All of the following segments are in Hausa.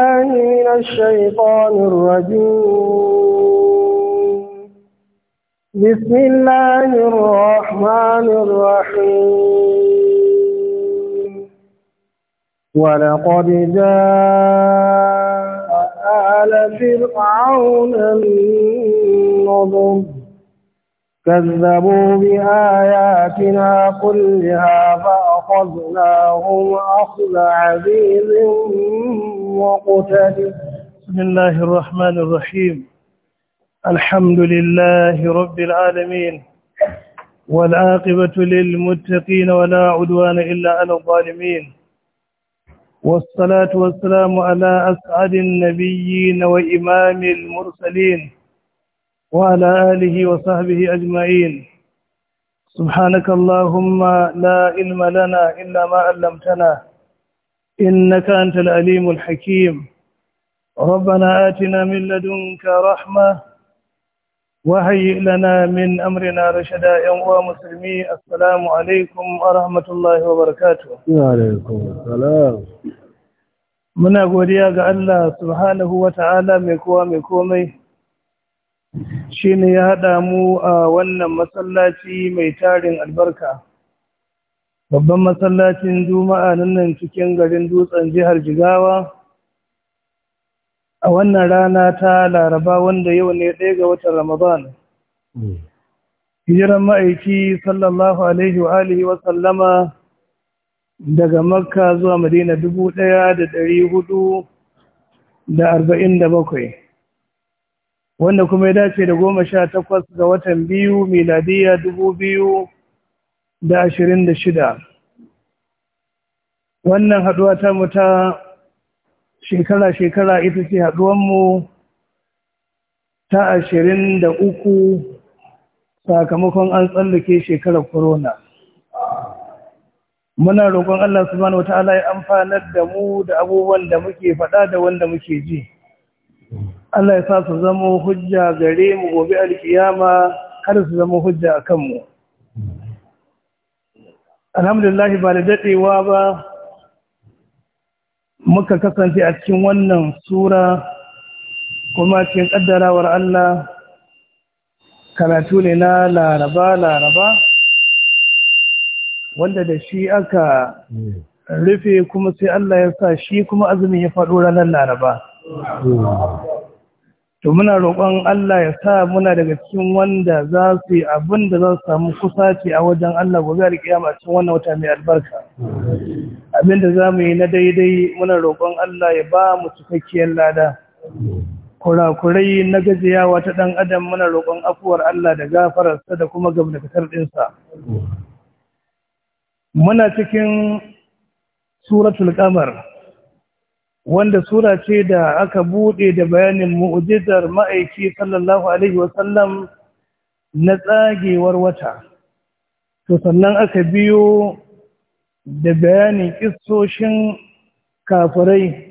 الله من الشيطان الرجيم بسم الله الرحمن الرحيم ولقد جاء آل فرعون النظر كذبوا بآياتنا كلها فأخذناهم أخذ عزيز وقتاله بسم الله الرحمن الرحيم الحمد لله رب العالمين والعاقبة للمتقين ولا عدوان إلا على الظالمين والصلاة والسلام على أسعد النبيين وإمام المرسلين وعلى آله وصحبه أجمعين سبحانك اللهم لا علم لنا إلا ما علمتنا إنك أنت الأليم الحكيم ربنا آتنا من لدنك رحمة وهيئ لنا من أمرنا رشدا يوم مسلمي السلام عليكم ورحمة الله وبركاته وعليكم السلام muna godiya ga Allah subhanahu wa ta'ala mai kowa mai komai shi ne ya haɗa mu a wannan masallaci mai tarin albarka babban masallacin juma'a nan nan cikin garin dutsen jihar jigawa a wannan rana ta laraba wanda yau ne ɗaya ga watan ramadan hmm. hijiran ma'aiki sallallahu alaihi wa alihi wa sallama daga makka zuwa madina dubu ɗaya da ɗari hudu da arba'in da bakwai wanda kuma ya dace da goma sha takwas ga watan biyu miladiya dubu biyu da ashirin da shida wannan haduwa ta muta shekara-shekara ita ce haduwanmu ta ashirin da uku sakamakon an tsallake shekarar korona. muna roƙon Allah subhanahu wata'ala ya amfanar da mu da abubuwan da muke faɗa da wanda muke ji Allah ya sa su zama hujja gare mu gobe alkiyama har su zama hujja a kanmu alhamdulillah ba da daɗewa ba muka kasance a cikin wannan sura kuma cikin ƙaddarawar Allah karatu ne na laraba-laraba wanda da shi aka rufe kuma sai Allah ya sa shi kuma azumin ya faɗo ranar laraba hmm. to muna roƙon Allah ya sa muna daga cikin wanda za su yi abin da za su samu kusaci a wajen Allah gobe da kiyama cikin wannan wata mai albarka abin da za mu yi na daidai muna roƙon Allah ya ba mu cikakkiyar lada kurakurai na gajiyawa ta ɗan adam muna roƙon afuwar Allah da gafararsa da kuma gamdakatar ɗinsa muna cikin suratul kamar wanda sura ce da aka buɗe da bayanin mu'jizar ma'aiki sallallahu alaihi wa sallam na tsagewar wata to sannan aka biyo da bayanin kissoshin kafirai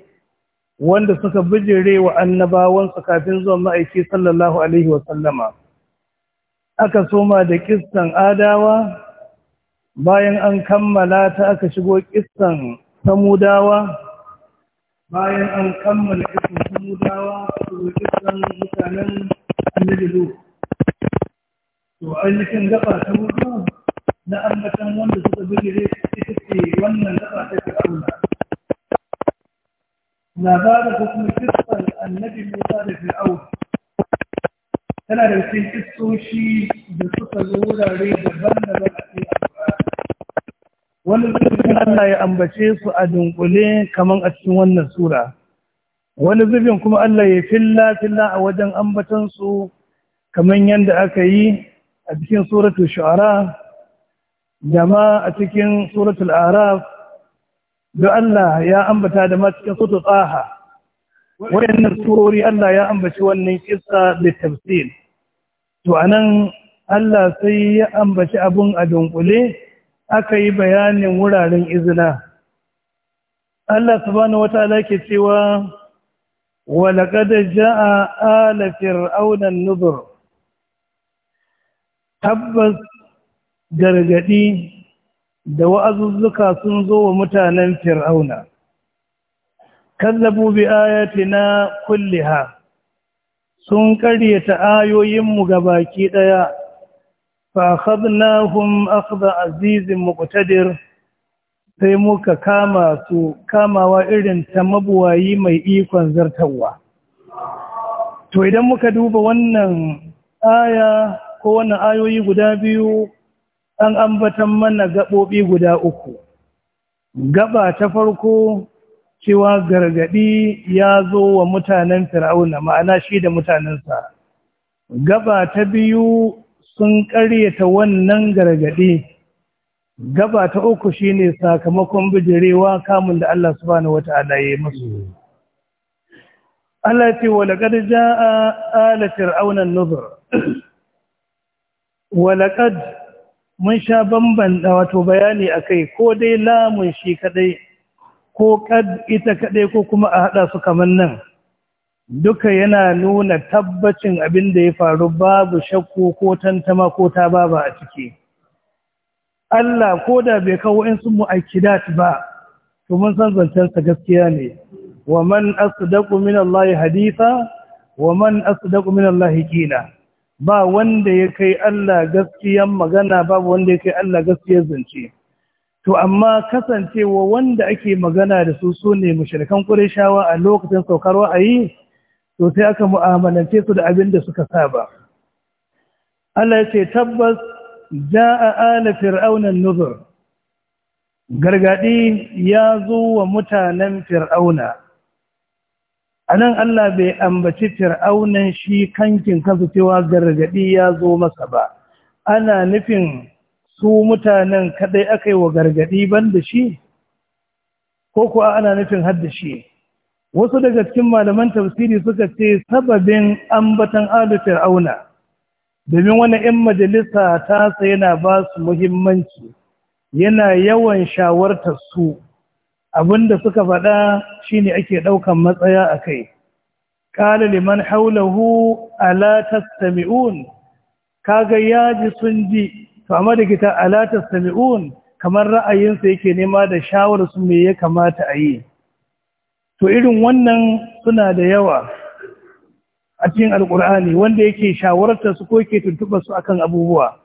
wanda suka bijire wa annabawansu kafin zuwa ma'aiki sallallahu alaihi wa sallama aka soma da kissan adawa bayan an kammala ta aka shigo kissan samudawa bayan an kammala isin samudawa su isin mutanen annabi lu to ainihin gaba ta hudu na ambatan wanda suka bijire ita ce wannan gaba ta fir'auna labarin ko kuma kisan annabi musa da fir'au tana da cikin kisoshi da suka zo wurare daban-daban wani zubin Allah ya ambace su a dunkule kaman a cikin wannan sura wani zubin kuma Allah ya filla filla a wajen ambatansu kamar kaman yadda aka yi a cikin suratul shu'ara da ma a cikin suratul araf da Allah ya ambata da ma cikin tsaha wayannan surori Allah ya ambaci wannan kissa da tafsir to anan Allah sai ya ambaci abun a dunkule aka yi bayanin wuraren izina Allah subhanahu wata ke cewa walaqad jaa ala fir'auna an-nuzur tabbas gargadi da wa'azuzzuka sun zo wa mutanen fir'auna kallabu bi ayatina kulliha sun karyata ayoyinmu ga baki ɗaya. فأخذناهم أخذ عزيز مقتدر sai muka kama su kamawa irin ta mabuwayi mai ikon zartarwa. To idan muka duba wannan aya ko wannan ayoyi guda biyu an ambatan mana gaɓoɓi guda uku. Gaba ta farko cewa gargaɗi ya zo wa mutanen fir'auna ma'ana shi da mutanensa. Gaba ta biyu sun ƙaryata wannan gargaɗi gaba ta uku shine sakamakon bijirewa kamun da Allah subhanahu wata'ala ya yi musu Allah ce wa laqad jaa ala fir'auna an-nuzur wa laqad mun sha bamban wato bayani kai, ko dai lamun shi kaɗai, ko kad ita kaɗai ko kuma a haɗa su kaman nan duka yana nuna tabbacin abin da ya faru babu shakku ko tantama ko ta babu a ciki Allah ko da bai kawo in sun mu'akkidat ba to mun san zancen sa gaskiya ne wa man asdaqu min Allah haditha wa man asdaqu min Allah qila ba wanda ya kai Allah gaskiyan magana babu wanda ya kai Allah gaskiyan zance to amma kasancewa wanda ake magana da su sune mushrikan qurayshawa a lokacin saukar wa'ayi to sai aka mu'amalance su da abin da suka saba Allah ya ce tabbas ja'a ala fir'auna nuzur gargadi ya zo wa mutanen fir'auna anan Allah bai ambaci fir'aunan shi kankin kansu cewa gargadi ya zo masa ba ana nufin su mutanen kadai aka yi wa gargadi ban da shi ko kuwa ana nufin hadda shi wasu daga cikin malaman tafsiri suka ce sababin ambatan alu fir'auna domin wani 'yan majalisa ta tasa yana ba su muhimmanci yana yawan shawartar su abinda suka faɗa shi shine ake ɗaukan matsaya a kai ƙala liman haulahu ala sami'un kaga yaji sun ji to amma da gita ala sami'un kamar ra'ayinsa yake nema da shawar su me ya kamata a yi to irin wannan suna da yawa a cikin alkur'ani wanda yake shawartar su ko yake tuntuɓa su akan abubuwa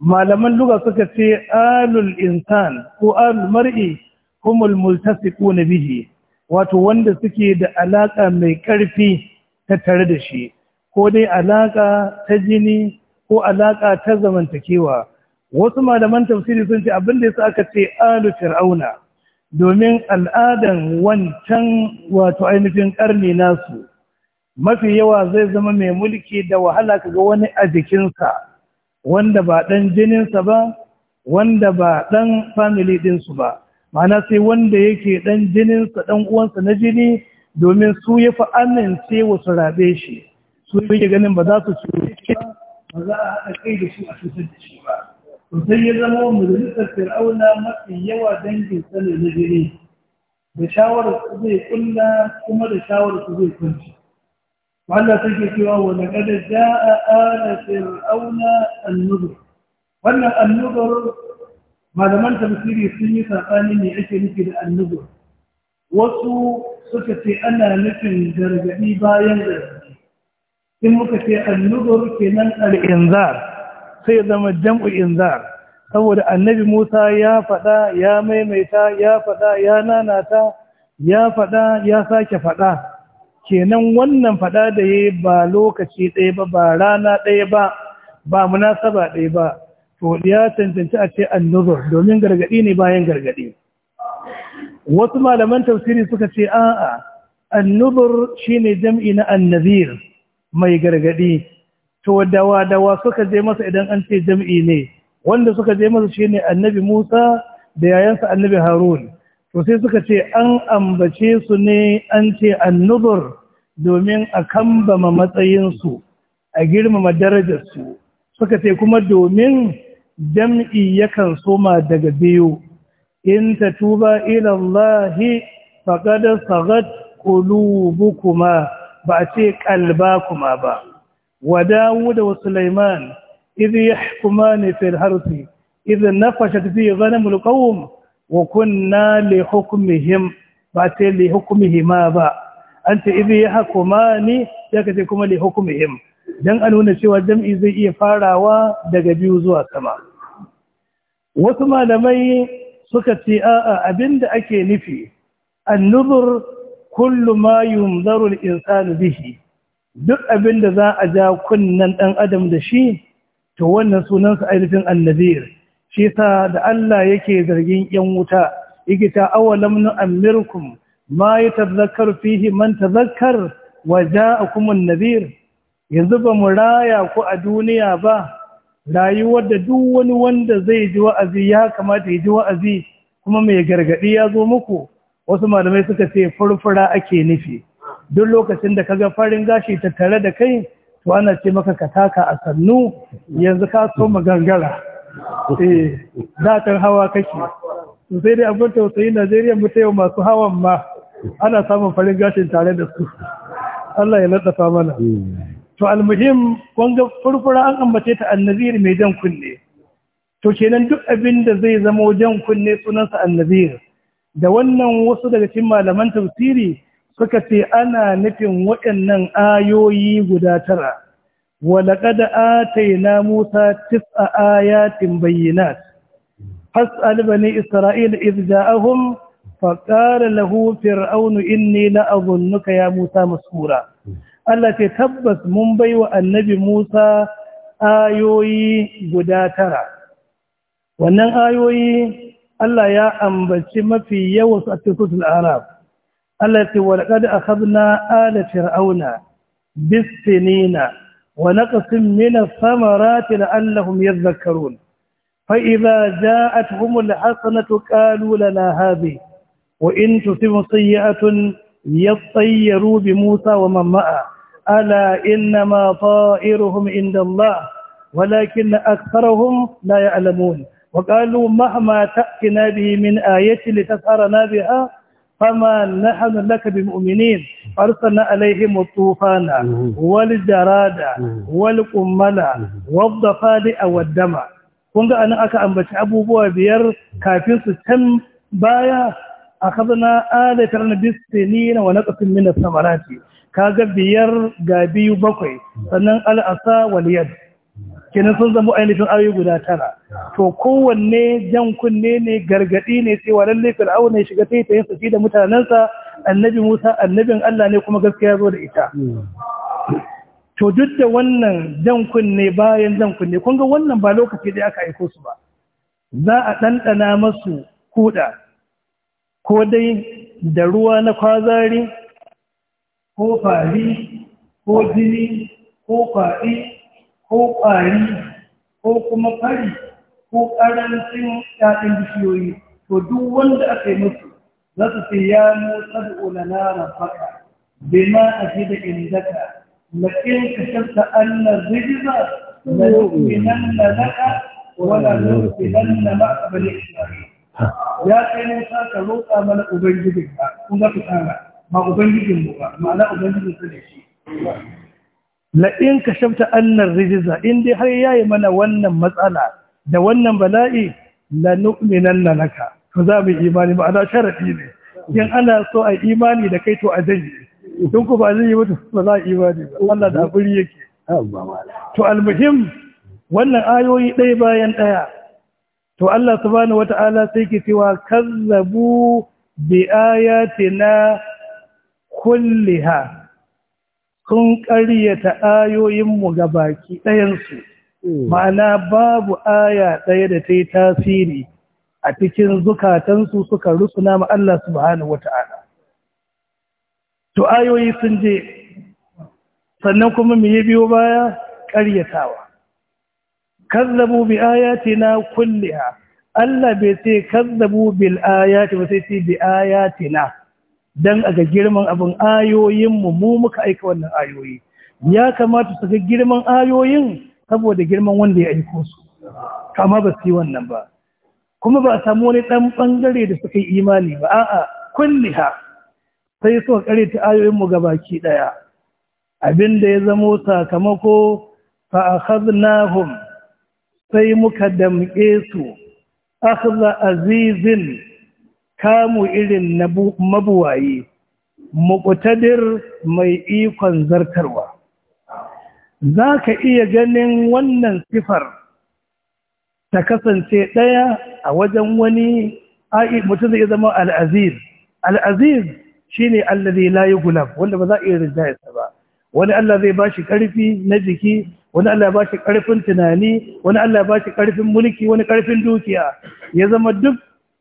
malaman luga suka ce alul insan ko al mar'i humul multasiquna bihi wato wanda suke da alaka mai karfi ta tare da shi ko dai alaka ta jini ko alaka ta zamantakewa wasu malaman tafsiri sun ce abin da yasa aka ce alu fir'auna domin al'adan wancan wato ainihin ƙarni nasu mafi yawa zai zama mai mulki da wahala kaga wani a jikinsa wanda ba ɗan jininsa ba wanda ba ɗan family ɗinsu ba ma'ana sai wanda yake ɗan jininsa ɗan uwansa na jini domin su ya fi amince wa su rabe shi su yake ganin ba za su cuce ba za a haɗa kai da su a cutar da shi ba sai ya zama majalisar fir'auna mafi yawa dangin sane na jini da shawarar su zai kulla kuma da shawar su zai kunci wanda take cewa wa laqad jaa ala fir'auna an wannan an malaman tafsiri sun yi sakani ne ake nufi da annubar. wasu suka ce ana nufin gargadi bayan gargadi in muka ce an kenan al sai zama jam'u inzar saboda annabi Musa ya faɗa ya maimaita ya faɗa ya nanata ya faɗa ya sake faɗa kenan wannan faɗa da ya ba lokaci ɗaya ba ba rana ɗaya ba ba munasaba ɗaya ba to ya cancanci a ce annuzur domin gargaɗi ne bayan gargaɗi wasu malaman tafsiri suka ce a'a annuzur shine jam'i na annazir mai gargaɗi to dawa dawa suka je masa idan an ce jam'i ne wanda suka je masa shine annabi Musa da yayansa annabi Harun to sai suka ce an ambace su ne an ce annubur domin a kambama su a girmama su. suka ce kuma domin jam'i yakan soma daga biyu in ta tuba ilallahi faƙadar sagat ƙulubukuma ba a ce ƙalba kuma ba وداود وسليمان إذ يحكمان في الحرث إذ نفشت فيه غنم القوم وكنا لحكمهم باتي لحكمهما با أنت إذ يحكمان يكتي كما لحكمهم dan a nuna cewa jam'i zai iya farawa daga biyu zuwa sama. Wasu malamai suka ce a'a abinda ake nufi, annuzur kullu ma yunzarul duk abin da za a ja kunnen ɗan adam da shi to wannan sunansa ainihin annazir shi sa da Allah yake zargin yan wuta yake ta awalam nu amirkum ma yatadhakkaru fihi man tazakkar wa ja'akum an yanzu ba mu raya ku a duniya ba rayuwar da duk wani wanda zai ji wa'azi ya kamata ya ji wa'azi kuma mai gargadi ya zo muku wasu malamai suka ce furfura ake nufi duk lokacin da kaga farin gashi ta tare da kai to ana ce maka ka taka a sannu yanzu ka so magangara eh da kan hawa kake to sai dai abin tausayi Najeriya mu ta yau masu hawan ma ana samun farin gashin tare da su Allah ya ladafa mana to almuhim ga furfura an ambace ta annabir mai jan kunne to kenan duk abin da zai zama wajen kunne sunansa annabir da wannan wasu daga cikin malaman tafsiri suka ce ana nufin waɗannan ayoyi guda tara walaƙad ataina Musa tis'a ayatin bayyinat fas'al bani Isra'il idh ja'ahum faqala lahu fir'aunu inni la'adhunnuka ya Musa mas'ura Allah ce tabbas mun baiwa annabi Musa ayoyi guda tara wannan ayoyi Allah ya ambaci mafi yawan su a cikin Arab التي ولقد أخذنا آل فرعون بالسنين ونقسم من الثمرات لعلهم يذكرون فإذا جاءتهم الحسنة قالوا لنا هذه وإن تصب سيئة يطيروا بموسى ومن معه ألا إنما طائرهم عند الله ولكن أكثرهم لا يعلمون وقالوا مهما تأتنا به من آية لتسهرنا بها فما نحن لك بمؤمنين أرسلنا عليهم الطوفان والجراد والقمل والضفادع والدم kun ga anan aka ambaci abubuwa biyar kafin su can baya a kazana adatar na bisini na wani ƙasin mina samarati kaga biyar ga biyu bakwai sannan al'asa waliyar kenan sun zama ainihin ayoyi guda tara to kowanne jan kunne ne gargadi ne cewa lallai fir'auna ne shiga yi sa da mutanensa annabi Musa annabin Allah ne kuma gaskiya zo da ita to duk da wannan jan kunne bayan jan kunne kun ga wannan ba lokaci da aka aiko su ba za a ɗanɗana masu kuɗa ko dai da ruwa na kwazari ko fari ko jini ko kwaɗi ko ƙwari ko kuma fari ko ƙarancin ƴaƴan bishiyoyi to duk wanda aka yi musu za su ce ya motsa da ulana rafaka ma a fi da indaka na ƙin ka shanta annar rijiza na nufinan na naka wala nufinan na ma'abalin isra'ila ya kai musa ka roƙa mana ubangijinka kun za ku tsara ba ubangijin mu ba ma'ana ubangijin sa da shi la'in ka shafta annar rijiza in dai har yayi mana wannan matsala da wannan bala'i la nu'minan na laka to za mu imani ba ana sharafi ne in ana so a imani da kai to a janye don ku ba zai yi mutu ba za a imani ba Allah da abin yake to almuhim wannan ayoyi ɗaya bayan ɗaya to Allah subhanahu wata'ala sai ke cewa kazzabu bi ayatina kulliha sun ƙaryata ayoyinmu ga baki ɗayansu hmm. ma'ana babu aya ɗaya da ta yi tasiri a cikin zukatansu suka rusuna ma Allah subhanahu ta'ala to ayoyi sun je sannan kuma mu yi biyo baya ƙaryatawa kazzabu bi ayatina kulliha Allah bai ce kazzabu bil ayati ba sai ce bi ayatina dan a ga girman abin ayoyinmu mu muka aika wannan ayoyi ya kamata su ga girman ayoyin saboda girman wanda ya aiko su kama ba su yi wannan ba kuma ba a samu wani ɗan ɓangare da suka yi imani ba a'a kulliha sai suka kare ta ayoyin mu ɗaya. daya abinda ya zamo sakamako fa akhadnahum sai muka damƙe su akhla azizin kamu irin na mabuwaye muƙutadir mai ikon zartarwa za ka iya ganin wannan sifar ta kasance ɗaya a wajen wani mutum zai zama al'aziz al'aziz shi ne allazi layi gulab wanda ba za a iya rinjayarsa ba wani allah zai ba shi ƙarfi na jiki wani allah ba shi ƙarfin tunani wani allah ba shi ƙarfin mulki wani ƙarfin dukiya ya zama duk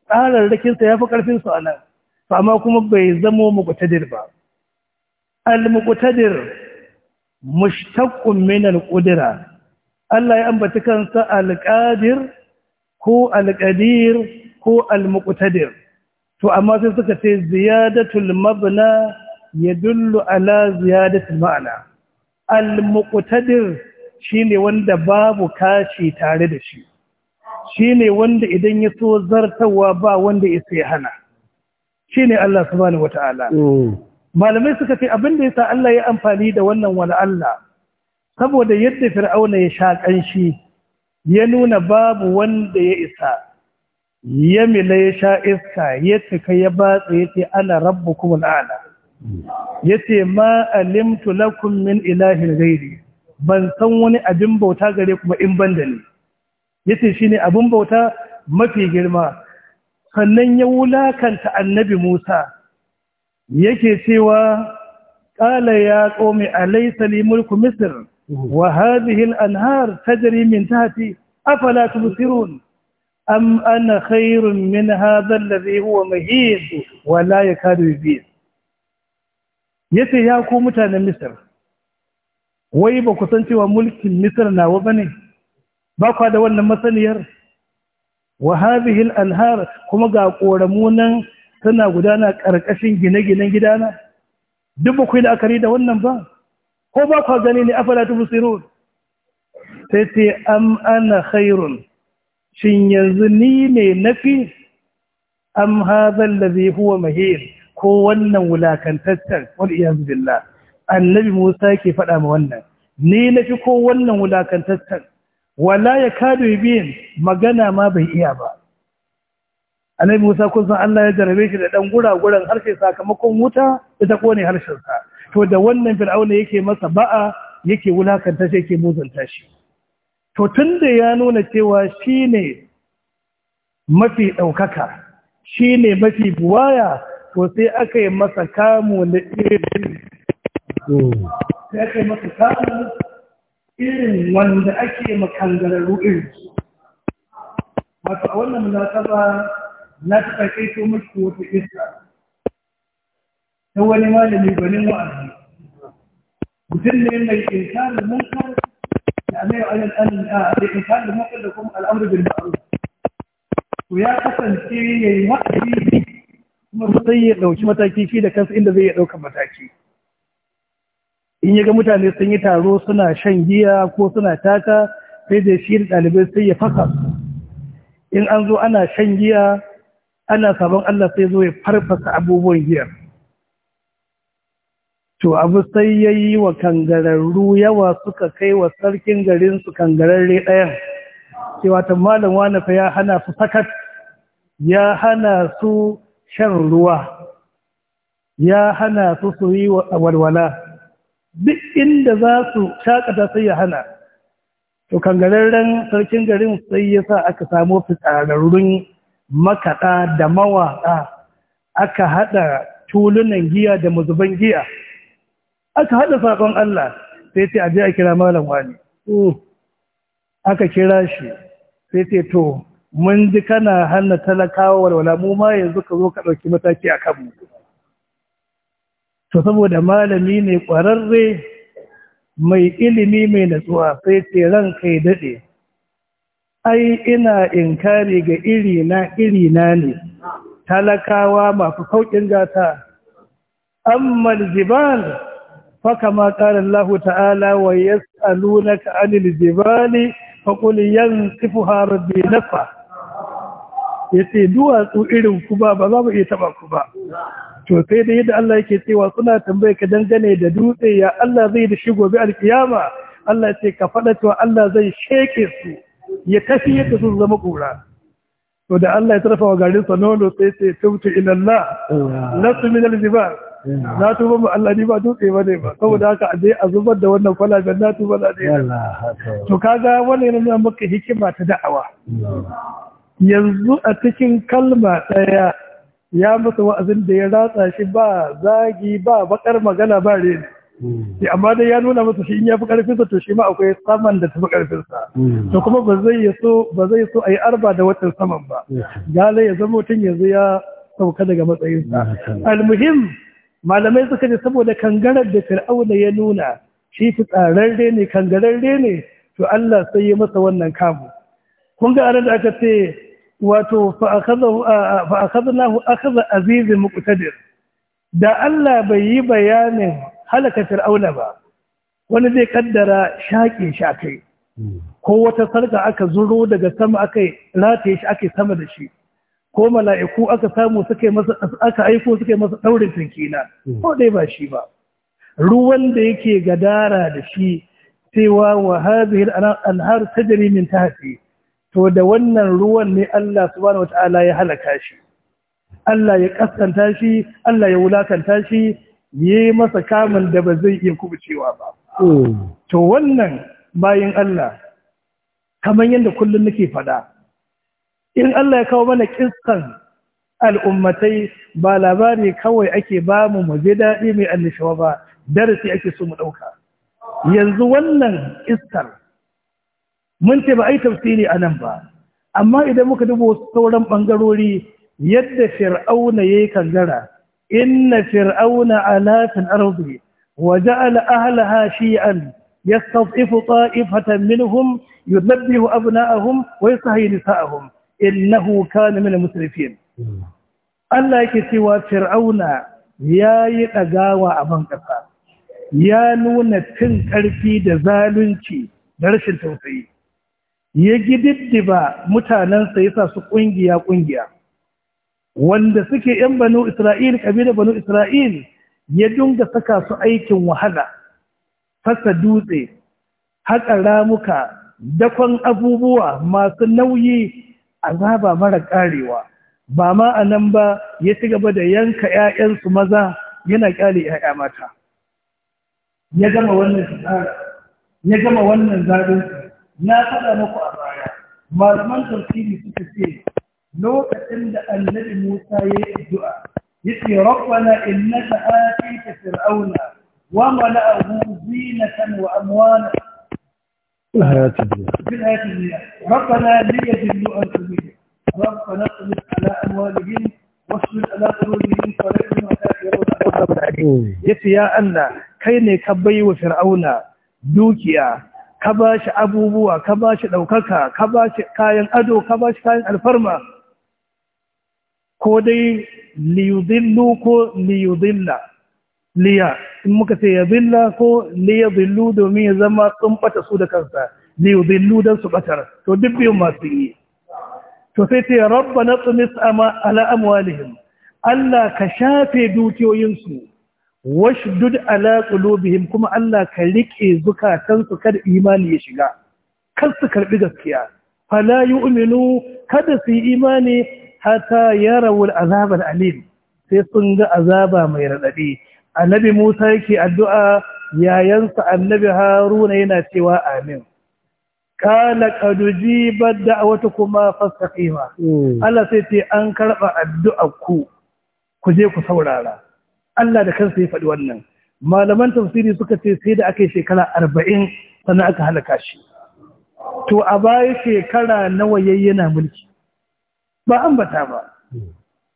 rikinsa ya fi ƙarfinsu su ana amma kuma bai zamo mukutadir ba al mukutadir mushtaqqun minal ƙudira Allah ya ambata kansa al ko al ko al mukutadir to amma sai suka ce ziyadatul mabna dullu ala ziyadatul ma'ana al shi ne wanda babu kashi tare da shi Shi ne wanda idan ya so zartawa ba wanda ya sai hana Shi ne Allah subhanahu ta'ala. Mm. malamai suka fi abin da sa Allah ya amfani da wannan wani Allah saboda yadda fir'auna ya sha ƙanshi, ya nuna babu wanda ya isa ya mila ya sha iska ya cika ya batsa ya ce ana kuma al'ala ya ce ma alimtu lakum min ilahin gairi ban san wani abin bauta gare kuma in banda ne yace shine abin bauta mafi girma sannan ya wulakanta annabi Musa yake cewa ƙala ya qaumi alaysa mulku Misir. wa hadhihi anhar tajri min tahti afala tubsirun am ana khairun min hadha alladhi huwa mahin wa la yakadu yubin yace ya ku mutanen Misir. wai ba ku san cewa mulkin misir nawa bane ba kwa da wannan masaniyar wa hadhihi al-anhar kuma ga koramu tana gudana karkashin gine-ginen gidana duk bakwai da akari da wannan ba ko ba kwa gani ne afala tubsirun sai ce am ana khairun shin yanzu ni ne nafi am hadha alladhi huwa mahin ko wannan wulakantaccen wal iyaz billah annabi Musa ke faɗa ma wannan ni nafi ko wannan wulakantaccen wala ya kado biyan magana ma bai iya ba annabi Musa kun san Allah ya jarabe shi da dan guraguran harshe sakamakon wuta ita kone harshen sa to da wannan fir'auna yake masa ba'a yake wulakanta shi yake muzanta shi to tunda ya nuna cewa shine mafi daukaka shine mafi buwaya to sai aka yi masa kamu na irin mm. sai aka yi masa kamu irin wanda ake makangararru irin su Masu a wannan munasaba na ta kaito muku wata iska ta wani malami banin wa'azi mutum ne mai inkarin munkar da amir alal ta. da inkarin munkar da kuma al'amru da ma'ruf to ya kasance yayi wa'azi kuma sai ya ɗauki mataki fi da kansa inda zai ya dauka mataki in ya ga mutane sun yi taro suna shan giya ko suna taka sai da shi da ɗalibai sai ya faka in an zo ana shan giya ana sabon Allah sai zo ya farfasa abubuwan giyar to abu sai ya yi wa kangararru yawa suka kai wa sarkin garinsu su kangararre ɗayan cewa ta malam wani fa ya hana su sakat ya hana su shan ruwa ya hana su su yi walwala duk inda za su shakata sai ya hana to kangararren sarkin garin sai ya sa aka samo fitsararrun makaɗa da mawaƙa aka haɗa tulunan giya da mazuban giya aka haɗa saƙon Allah sai ce a je a kira malam wani mm. aka kira shi sai ce to mun ji kana hana talakawa walwala mu ma yanzu ka zo ka ɗauki mataki a kanmu to saboda malami ne ƙwararre mai ilimi mai natsuwa sai ce ran kai daɗe ai ina inkari ga irina irina ne talakawa masu sauƙin gata amma jibal faka ma ƙara Allah ta'ala wa yas'alunaka anil jibali fa qul yansifuha rabbi nafa yace duwatsu irin ku ba ba za mu iya taba ku ba to sai da yadda Allah yake cewa suna tambaye ka dangane da dutse ya Allah zai da shi gobe alkiyama Allah ya ce ka faɗa cewa Allah zai sheke su ya tafi yadda sun zama kura to da Allah ya tarafa wa garin sa nono sai sai tubtu ila Allah lasu min aljibal na tuba mu Allah ni ba dutse ba ne ba saboda haka a je a zubar da wannan kwalaben na tuba da ne to kaga wannan yana maka hikima ta da'awa yanzu a cikin kalma daya ya masa wa'azin da ya ratsa shi ba zagi ba bakar magana ba re hmm. sai amma dai ya nuna masa shi in ya fi sa to shi ma akwai saman da ta fi karfinsa hmm. to kuma ba zai so ba zai so a yi arba da watan saman ba hmm. gale ya zama mutum yanzu ya sauka daga matsayin sa almuhim malamai suka ce saboda kangarar da fir'auna ya nuna shi fitsararre ne kangararre ne to Allah sai ya masa wannan kamu kun ga anan da aka ce wato aka akaza azizin muqtadir da Allah bai yi bayanin halaka fir'auna ba wani zai kaddara shaƙe shi ko wata sarka aka zuro daga sama aka rataye shi aka sama da shi ko mala'iku aka samu suka masa aka aiko suka masa ɗaurin tankina ko dai ba shi ba ruwan da yake gadara da shi cewa wa hadhihi al-anhar tajri min tahti to da wannan ruwan ne Allah subhanahu wata'ala ya halaka shi Allah ya kaskanta shi Allah ya wulakanta shi yi masa kamun da ba zai iya kubucewa ba to wannan bayan Allah kamar yadda kullum nake fada in Allah ya kawo mana kiskan al'ummatai ba labari kawai ake ba mu maje daɗi mai annishawa ba darasi ake so mu ɗauka yanzu wannan iskar mun ce ba a yi tafsiri a nan ba amma idan muka dubo sauran ɓangarori yadda fir'auna ya yi kangara inna fir'auna ala fil ardi wa ja'ala ahlaha shi'an yastad'ifu ta'ifatan minhum yudabbihu wai wa yasahyi nisa'ahum innahu kana min al-musrifin Allah yake cewa fir'auna yayi ɗagawa a ban ƙasa, ya nuna cin ƙarfi da zalunci da rashin tausayi ya gididdiba mutanensa ya sa su ƙungiya ƙungiya wanda suke ‘yan banu Isra'il, kabila banu Isra'il ya dinga saka su aikin wahala, fasa dutse, haƙa ramuka, dakon abubuwa masu nauyi azaba mara ƙarewa, ba ma a nan ba ya cigaba da yanka ‘ya'yansu maza yana ƙyale ‘ya'ya mata. Ya gama wannan ya gama wannan na faɗa muku a baya malaman tafsiri suka ce lokacin da annabi Musa ya yi addu'a yace rabbana innaka atita fir'auna wa mala'ahu zinatan wa amwalan ربنا ليدلوا عن سبيلك ربنا اطلب على أموالهم واشمل على قلوبهم فليكن وكافرون يا أن كيني كبي وفرعون دوكيا ka ba shi abubuwa ka ba shi ɗaukaka ka ba shi kayan ado ka ba shi kayan alfarma ko dai liyudillu ko liyudilla liya in muka ce yadilla ko liyadillu domin ya zama sun bata su da kansa liyudillu don su ɓatar. to duk biyun masu yi to sai ce rabba na tsumis ala amwalihim Allah ka shafe dukiyoyinsu washdud ala qulubihim kuma Allah ka rike zukatansu kada imani ya shiga kar su karbi gaskiya fala yu'minu kada su yi imani hatta yarawul al'azab al'alim sai sun ga azaba mai radadi annabi Musa yake addu'a yayansa annabi Haruna yana cewa amin kala kaduji badda wata kuma fastaqima hmm. Allah sai ce an karba addu'a ku ku je ku saurara Allah da kansa ya faɗi wannan malaman tafsiri suka ce sai da aka yi shekara arba'in sannan aka halaka shi to a baya shekara nawa yayi yana mulki ba ambata ba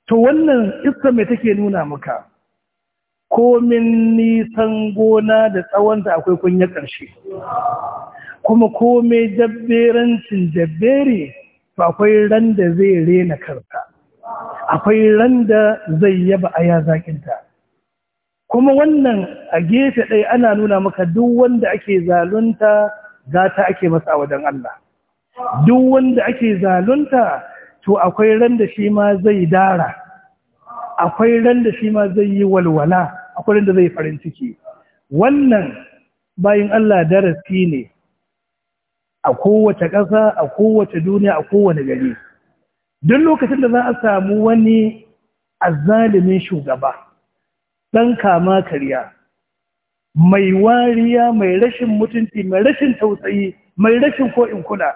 to wannan iska mai take nuna maka komin nisan gona da tsawonta akwai kunya ƙarshe kuma komai dabberancin jabbere to akwai randa zai rena karta akwai ran da zai yaba aya zakinta kuma wannan a gefe ɗaya ana nuna maka duk wanda ake zalunta za ta ake masa a wajen Allah duk wanda ake zalunta to akwai ran da shi ma zai dara akwai ran da shi ma zai yi walwala akwai ran da zai farin ciki wannan bayan Allah darasi ne a kowace ƙasa a kowace duniya a kowane gari duk lokacin da za a samu wani azalimin shugaba ɗan kama karya mai wariya mai rashin mutunci mai rashin tausayi mai rashin ko'in kula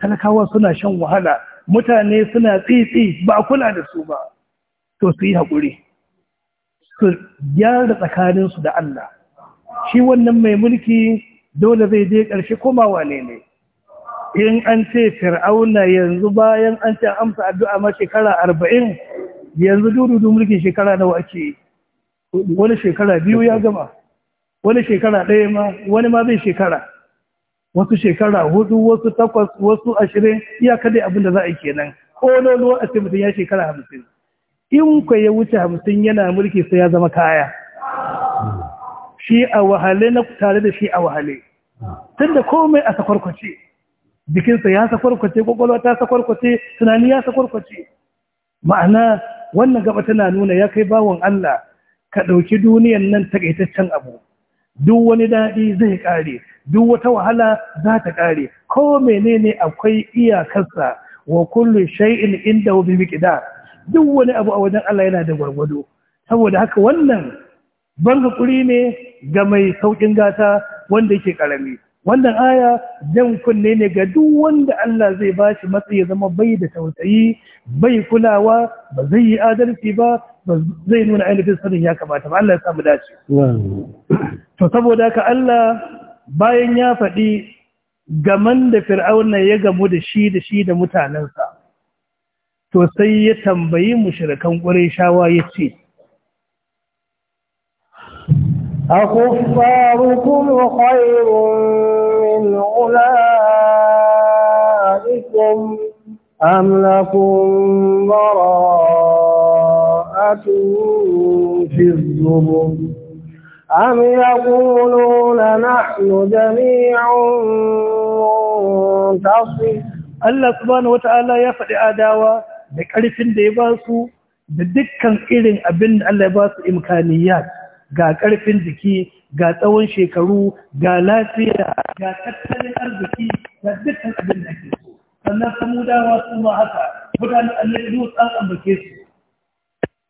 talakawa suna shan wahala mutane suna tsitsi ba kula da su ba to su yi haƙuri su gyara tsakaninsu da Allah shi wannan mai mulki dole zai je ƙarshe komawa ne ne in an ce fir'auna yanzu bayan an ce amsa addu'a ma shekara arba'in yanzu dududu mulkin shekara nawa ake wani shekara biyu ya gama wani shekara ɗaya ma wani ma zai shekara wasu shekara hudu wasu takwas wasu ashirin iyaka dai abin da za a yi kenan ƙololuwa a ce mutum ya shekara hamsin in ku ya wuce hamsin yana mulki sai ya zama kaya shi a wahale na tare da shi a wahale tun da komai a sakwarkwace jikinsa ya sakwarkwace kwakwalwa ta sakwarkwace tunani ya sakwarkwace ma'ana wannan gaba tana nuna ya kai bawon Allah ka ɗauki duniyan nan takaitaccen abu duk wani daɗi zai ƙare duk wata wahala za ta ƙare ko menene akwai iyakarsa wa kullu shay'in inda bi da? duk wani abu a wajen Allah yana da gwargwado saboda haka wannan ban hakuri ne ga mai sauƙin gata wanda yake karami wannan aya jan kunne ne ga duk wanda Allah zai bashi matsayi zama bai da tausayi bai kulawa ba zai yi adalci ba zai nuna ainihin sanin ya kamata ba Allah ya samu dace to saboda haka Allah bayan ya faɗi gaman da fir'auna ya gamu da shi da shi da mutanensa to sai ya tambayi mushrikan shawa ya ce أكفاركم خير من a أم امرأته في الزبر أم يقولون نحن جميع منتصر Allah subhanahu wata'ala ya faɗi adawa da ƙarfin da ya ba su da dukkan irin abin da Allah ya ba su imkaniyat ga ƙarfin jiki ga tsawon shekaru ga lafiya ga tattalin arziki da dukkan abin da ke so sannan samudawa su ma haka mutanen Allah ya zo tsan ambake su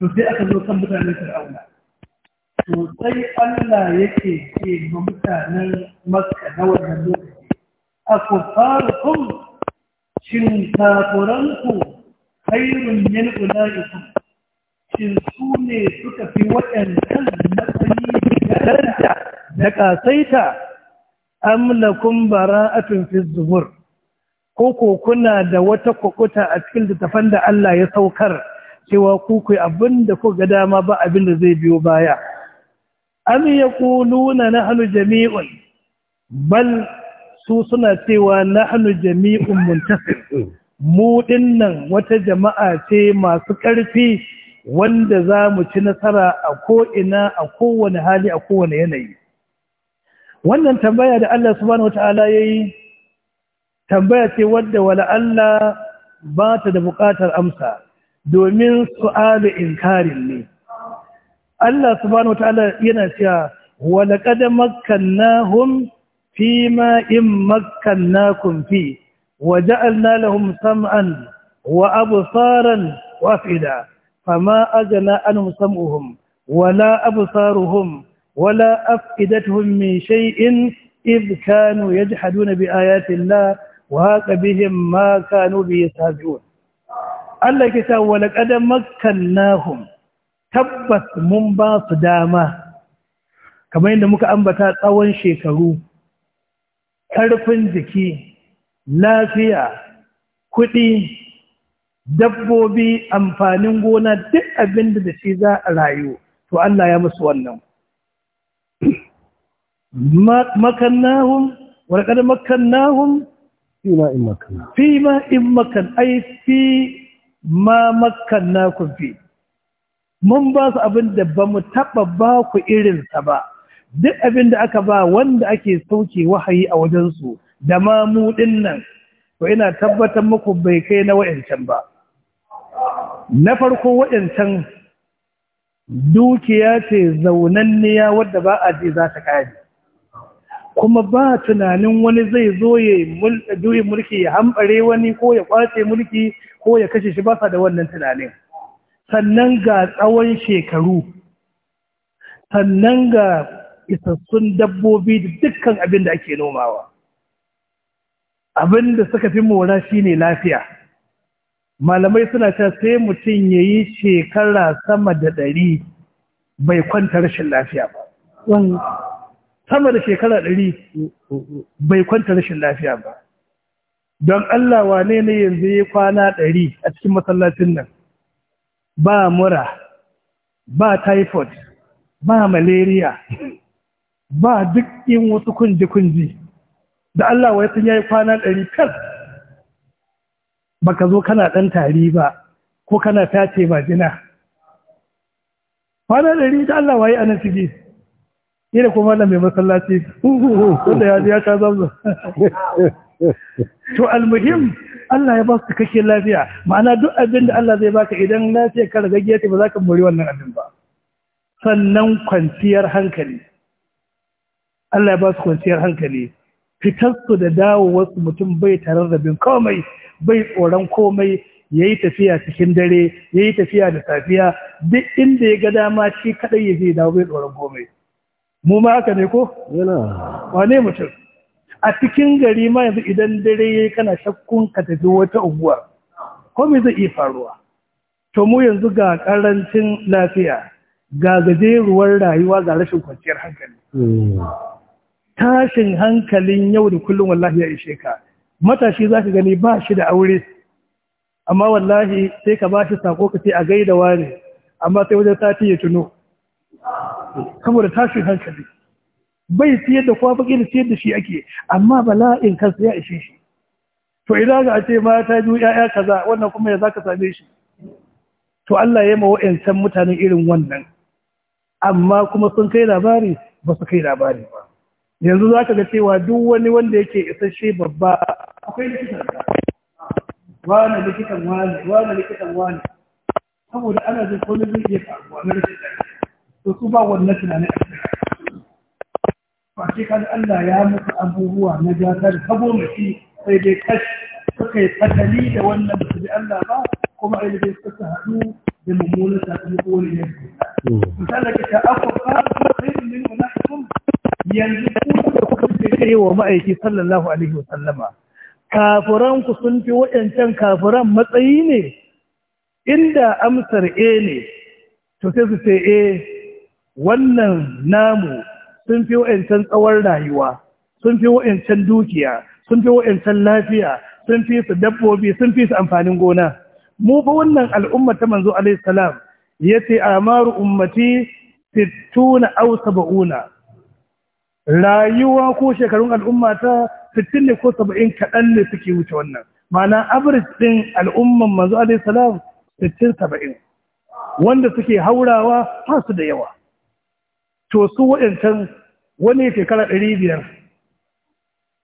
to sai aka zo kan mutanen fir'auna to sai Allah yake ce ma mutanen makka na wannan lokaci kun shin kafuranku khairun min ulaikum shin su ne suka fi waɗannan matsayi da daraja da kasaita am lakum bara'atun fi zubur ko ko kuna da wata kwakwata a cikin littafan da Allah ya saukar cewa ku kai abin da ku ga dama ba abinda zai biyo baya am yaquluna nahnu jami'un bal su suna cewa nahnu jami'un muntasir mu dinnan wata jama'a ce masu ƙarfi wanda za mu ci nasara a ko'ina a kowane hali a kowane yanayi wannan tambaya da Allah subhanahu wata'ala ya yi tambaya ce wadda wala Allah ba ta da buƙatar amsa domin su'alu inkarin ne Allah subhanahu wataala yana cewa wa laqad makkannahum fi ma in makkannakum fi wa ja'alna lahum sam'an wa absaran wa afida fama ajna anhum sam'uhum wala absaruhum wala afidatuhum min shay'in إذ كانوا يجحدون بآيات الله وهاك بهم ما كانوا به يستهزئون Allah ke ta wa laqad makkannahum tabbas mun ba su dama kamar yadda muka ambata tsawon shekaru ƙarfin jiki lafiya kuɗi dabbobi amfanin gona duk abin da da shi za a rayu to Allah ya musu wannan makannahum walƙar makannahum fi ma'in in makan ai fi ma makkannakum fi mun ba su abin da ba mu taɓa ba ku irinsa ba duk abin da aka ba wanda ake sauke wahayi a wajensu da ma mu nan to ina tabbatar muku bai kai na wa'ancan ba na farko wa'ancan dukiya ce zaunanniya wadda ba a ji za ta kare kuma ba tunanin wani zai zo ya mulki ya hambare wani ko ya kwace mulki ko ya kashe shi ba sa da wannan tunanin sannan ga tsawon shekaru sannan ga isassun dabbobi da dukkan abin da ake nomawa abin da suka fi mora ne lafiya malamai suna ta sai mutum ya yi shekara sama da ɗari bai kwanta rashin lafiya ba sama da shekara ɗari bai kwanta rashin lafiya ba don Allah wane ne yanzu ya kwana ɗari a cikin masallacin nan ba mura ba typhoid ba malaria ba duk in wasu kunji-kunji da Allah wai sun yi kwana ɗari kar baka zo kana ɗan tari ba ko kana ba jina. kwana ɗari da Allah wa yi anan shige ina kuma na mai masallaci wanda ya ya ka zamza to almuhim Allah ya ba su kake lafiya ma'ana duk abin da Allah zai baka idan lafiya ka ragage ta ba za ka mori wannan abin ba sannan kwanciyar hankali Allah ya ba su kwanciyar hankali fitar su da dawo wasu mutum bai tarar da bin komai bai tsoron komai ya yi tafiya cikin dare ya yi tafiya da safiya duk inda ya ga dama shi kaɗai ya zai dawo bai tsoron komai mu ma haka ne ko wane mutum a cikin gari ma yanzu idan dare yi kana shakkun ka tafi wata unguwa ko me zai iya faruwa to mu yanzu ga karancin lafiya ga gajeruwar rayuwa ga rashin kwanciyar hankali hmm. tashin hankalin yau da kullum wallahi ya ishe ka matashi za ka gani ba shi da aure amma wallahi sai ka ba shi sako ka ce a gaidawa ne amma sai wajen sati ya tuno saboda tashin hankali bai siyar da kowa bakin siyar da shi ake amma bala'in kansa ya ishe shi to idan ga a ce mata biyu ƴaƴa kaza wannan kuma ya zaka same shi to Allah ya yi ma wa'ancan mutanen irin wannan amma kuma sun kai labari ba su kai labari ba yanzu za ka ga cewa duk wani wanda yake isasshe babba akwai likitan wani likitan wani wani likitan wani saboda ana jin kone zai iya faruwa na to su ba wannan tunanin face kan Allah ya mutu abubuwa na jakar kabo mace sai dai kash suka yi fatali da wannan su bi Allah ba kuma ainihin suka haɗu da mummunan sakamako wani ne misali ka ta'afafa sai in min munafiqun yanzu ku da kuka ce wa ma'aiki sallallahu alaihi wa sallama kafiran ku sun fi waɗancan kafuran matsayi ne inda amsar e ne to sai su ce e wannan namu sun fi wa'incan tsawon rayuwa sun fi wa'incan dukiya sun fi wa'incan lafiya sun fi su dabbobi sun fi su amfanin gona mu fa wannan al'umma ta manzo alaihi salam yace amaru ummati sittuna aw sab'una rayuwa ko shekarun al'umma ta 60 ne ko 70 kadan ne suke wuce wannan ma'ana average din al'umman manzo alaihi salam 60 70 wanda suke haurawa ba su da yawa to su wa'incan. wani ya shekara ɗari biyar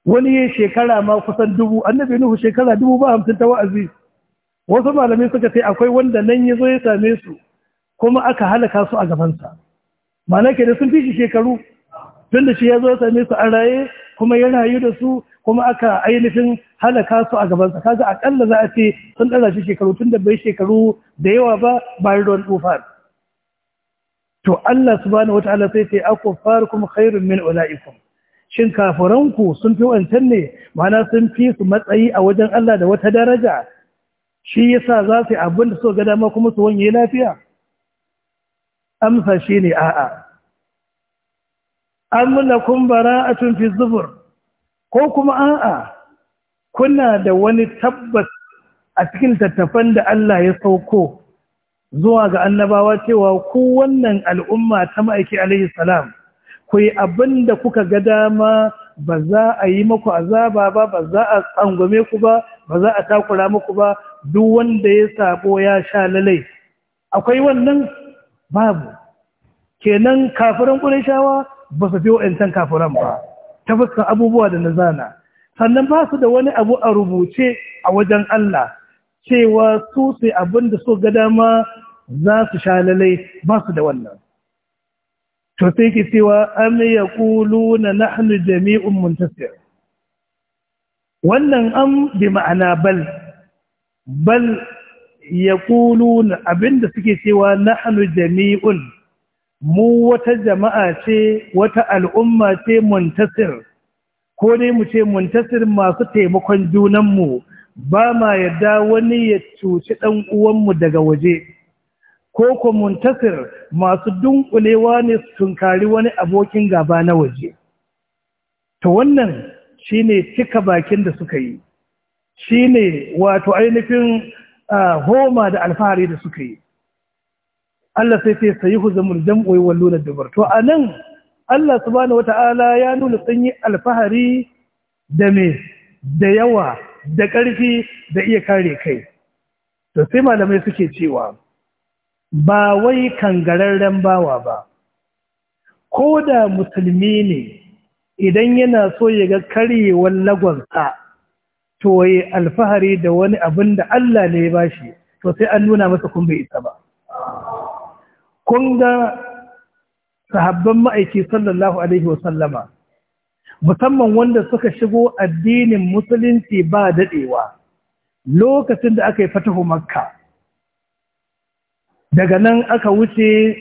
wani ya shekara ma kusan dubu annabi nuhu shekara dubu ba hamsin ta wa'azi wasu malami suka ce akwai wanda nan ya zo ya same su kuma aka halaka su a gabansa mana ke da sun fi shi shekaru tun da shi ya zo ya same su an raye kuma ya rayu da su kuma aka ainihin halaka su a gabansa kaga akalla za a ce sun ɗara shi shekaru tun da bai shekaru da yawa ba bayan ruwan tufar to Allah subhanahu wataala sai ce farukum khairun min ulaikum shin kafiranku sun fi wancan ne mana sun fi su matsayi a wajen Allah da wata daraja shi yasa za su yi abin da so ga dama kuma su wanye lafiya amsa shine a'a am lakum bara'atun fi zubur ko kuma a'a kuna da wani tabbas a cikin tattafan da Allah ya sauko zuwa ga annabawa cewa ku wannan al'umma ta ma'aiki alaihi salam ku yi abin da kuka ga dama ba za a yi maku azaba ba ba za a tsangwame ku ba ba za a takura maku ba duk wanda ya sabo ya sha lalai akwai wannan babu kenan kafiran ƙurishawa ba su fi wa'ancan kafiran ba ta fuskan abubuwa da na zana sannan ba su da wani abu a rubuce a wajen Allah cewa su sai abin da so ga dama za su sha lalai ba su da wannan to sai ke cewa am na na'anu jami'un muntasir wannan an bi ma'ana bal bal ya na abinda suke cewa na'anu jami'un mu wata jama'a ce wata al'umma ce muntasir ko dai mu ce muntasir masu taimakon junanmu ba ma yadda wani ya cuci ɗan uwanmu daga waje ko ko muntasir masu dunkulewa ne su tunkari wani abokin gaba na waje to wannan shi ne cika bakin da suka yi shi ne wato ainihin homa da alfahari da suka yi Allah sai sai sayi huzamul jam'u wallo na dubar to nan, Allah subhanahu wata'ala ya nuna sun alfahari da me da yawa da ƙarfi da iya kare kai to sai malamai suke cewa ba wai kan kangararren bawa ba ko da musulmi ne idan yana so ya ga karyewar lagonsa to ya alfahari da wani abin da Allah ne ya bashi to sai an nuna masa kun bai isa ba kun ga sahabban ma'aiki sallallahu alaihi wasallama musamman wanda suka shigo addinin musulunci ba daɗewa lokacin da aka yi fatahu makka daga nan aka wuce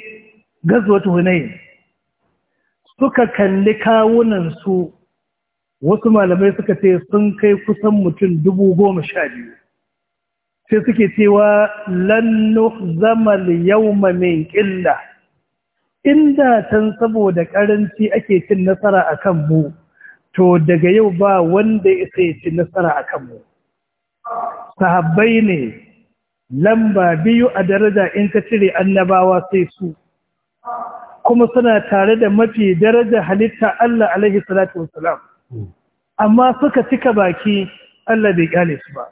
gazwatu hunayn suka kalli kawunan su wasu malamai suka ce sun kai kusan mutum dubu goma sha biyu sai suke cewa lannu zamal yauma min ƙilla inda tan saboda ƙaranci ake cin nasara a kan mu to daga yau ba wanda ya ci nasara a kan mu sahabbai ne lamba biyu a daraja in ka cire annabawa sai su kuma suna tare da mafi daraja halitta Allah alaihi salatu wassalam amma suka cika baki Allah bai kyale su ba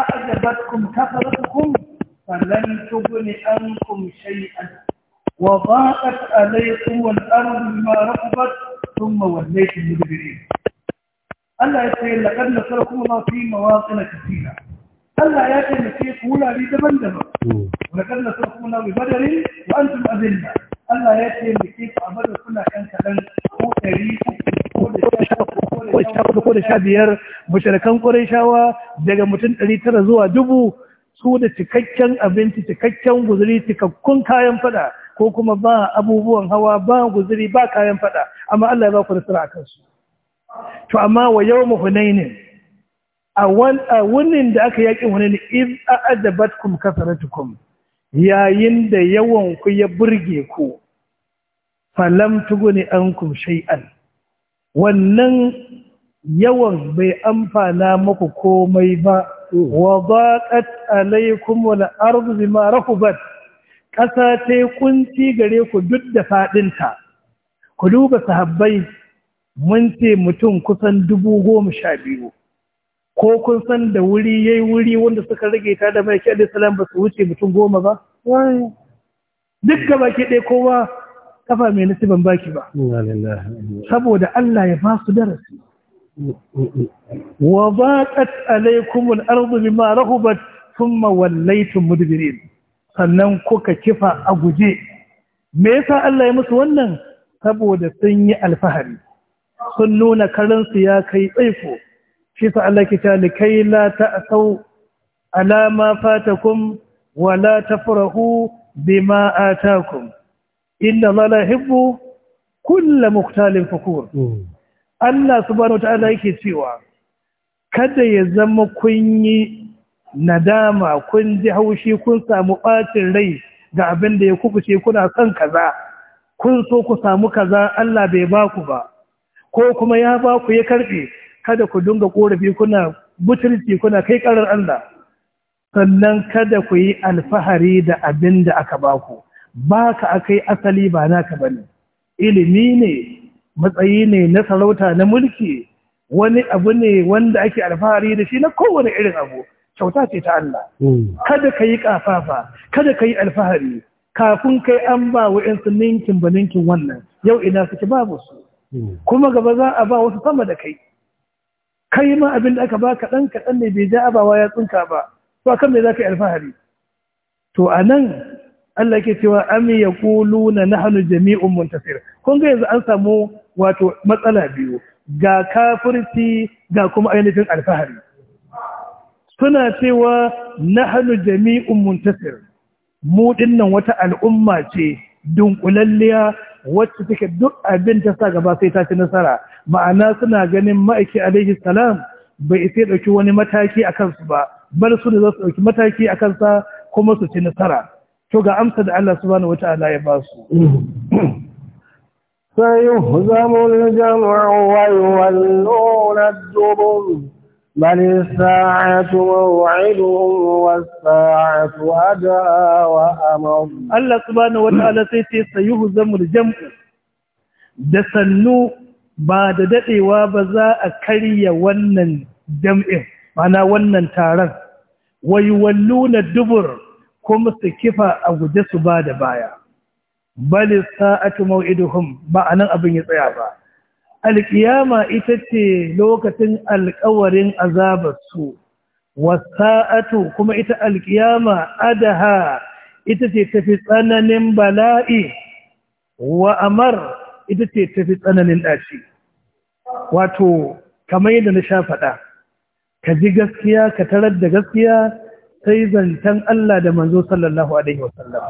أعجبتكم كثرتكم فلن تغن عنكم شيئا وضاقت عليكم الأرض بما رحبت ثم وليتم مدبرين Allah ya ce laqad nasarakum Allah fi mawaqin kathira Allah ya taimake ku wurare daban-daban laqad nasarakum Allah bi badr wa antum azilla Allah ya taimake ku a badar kuna kan kadan ko dari ko da ko da sha biyar mushrikan Qurayshawa daga mutum 900 zuwa dubu su da cikakken abinci cikakken guzuri cikakkun kayan fada ko kuma ba abubuwan hawa ba guzuri ba kayan fada amma Allah ya ba ku nasara a kansu to amma wa yawma hunainin a wannan da aka yaƙi hunain iz a'adabatkum kasaratukum yayin da yawan ku ya burge ku falam tuguni ankum shay'an wannan yawan bai amfana maku komai ba wa baqat alaykum wal ardu bima rahubat kasa tai kunci gare ku duk da fadinta ku duba sahabbai mun ce mutum kusan dubu goma sha biyu ko kun san da wuri ya yi wuri wanda suka rage ta da mai salam ba su wuce mutum goma ba duk gaba ke ɗaya kowa kafa mai nasiban baki ba saboda Allah ya ba su darasi wa baqat alaikum al-ardu bima rahubat thumma wallaytum mudbirin sannan kuka kifa a guje me yasa Allah ya musu wannan saboda sun yi alfahari sun nuna karinsu ya kai tsaiko shi sa Allah ke ta likai la ta'sau ala ma fatakum wa la tafrahu bima atakum inna la yuhibbu kull mukhtalin fakur Allah subhanahu wa ta'ala yake cewa kada ya zama kun yi nadama kun ji haushi kun samu ɓacin rai ga abin da ya kubuce kuna son kaza kun so ku samu kaza Allah bai ba ku ba ko kuma ya ba ku ya karɓe kada ku dinga korafi kuna butulci kuna kai karar Allah sannan kada ku yi alfahari da abin da aka ba ku ba ka akai asali ba naka bane ilimi ne matsayi ne na sarauta na mulki wani abu ne wanda ake alfahari da shi na kowane irin abu kyauta ce ta Allah hmm. kada ka yi kafafa kada ka yi alfahari kafin kai an ba wa ninkin ba ninkin wannan yau ina suke babu su kuma gaba za a ba wasu sama da kai kai ma abin da aka ba ka ɗan kaɗan ne bai ja abawa ya tsinka ba to kan me za ka yi alfahari to a nan Allah ke cewa am ya kulu na nahanu jami'un muntasir kun ga yanzu an samu wato matsala biyu ga kafirci ga kuma ainihin alfahari suna cewa nahanu jami'un muntasir mu dinnan wata al'umma ce dunkulalliya wacce take duk abin ta sa gaba sai ta ci nasara ma'ana suna ganin ma'aiki alaihi salam bai sai dauki wani mataki a kansu ba bal su ne za su dauki mataki a kansa kuma su ci nasara to ga amsa da Allah subhanahu wataala ya ba su sayuhzamul jam'u wa yuwallu ad-dubur بل الساعة موعدهم والساعة أدعى وأمر الله سبحانه وتعالى سيتي سيهزم الجمع دسنو بعد دقي وابزاء أكري ونن جمع معنا ونن تارن ويولون الدبر كم سكفة أو جسو بعد بايا بل الساعة موعدهم معنى أبن يطيع بايا Alƙiyama ita ce lokacin alƙawarin azabarsu wasa'atu kuma ita alƙiyama adaha ita ce tafi tsananin bala'i wa amar ita ce tafi tsananin ɗaci wato kamar yadda na sha faɗa ka ji gaskiya ka tarar da gaskiya sai zancen Allah da manzo sallallahu alaihi wasallam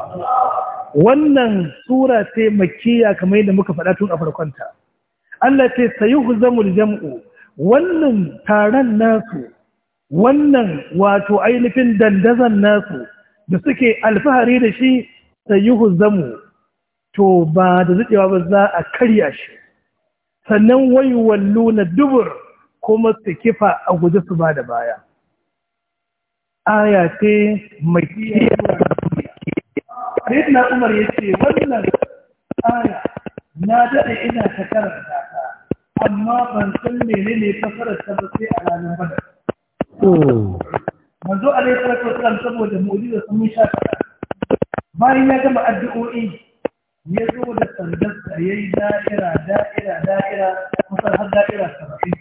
wannan sura ce makiyya kamar yadda muka faɗa tun a farkonta Allah ce sayuhzamul jam'u wannan taron nasu wannan wato ainihin dandazan nasu da suke alfahari da shi sayuhzamu to ba da zukewa ba za a karya shi sannan wai na dubur kuma su kifa a guje su ba da baya aya ce mai Sayyidina Umar ya ce wannan aya na daɗe ina ta karanta amma ban san menene kafarar ta ba sai a ranar badar hmm. manzo alaihi salatu wasallam saboda da sun sha bayan ya gama addu'o'i ya zo da da ya yi da'ira da'ira da'ira kusan har da'ira saba'in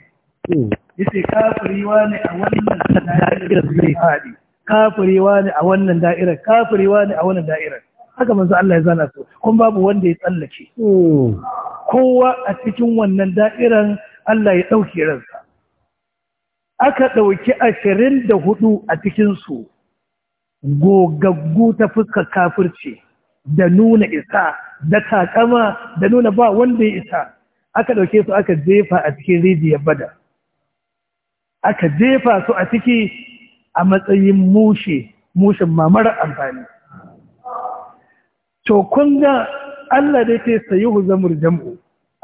ya ce kafirewa ne a wannan da'irar zai faɗi kafirewa ne a wannan da'irar kafirewa ne a wannan da'irar haka manzo Allah ya zana su kuma babu wanda ya tsallake hmm. kowa a cikin wannan da'iran Allah ya ɗauke ransa aka ɗauki ashirin da hudu a cikinsu gogaggu ta fuskar kafirci da nuna isa da takama da nuna ba wanda ya isa aka ɗauke su aka jefa a cikin rijiyar bada aka jefa su a ciki a matsayin mushe mushin mamara amfani to kun ga Allah da ke sayi zamur jam'u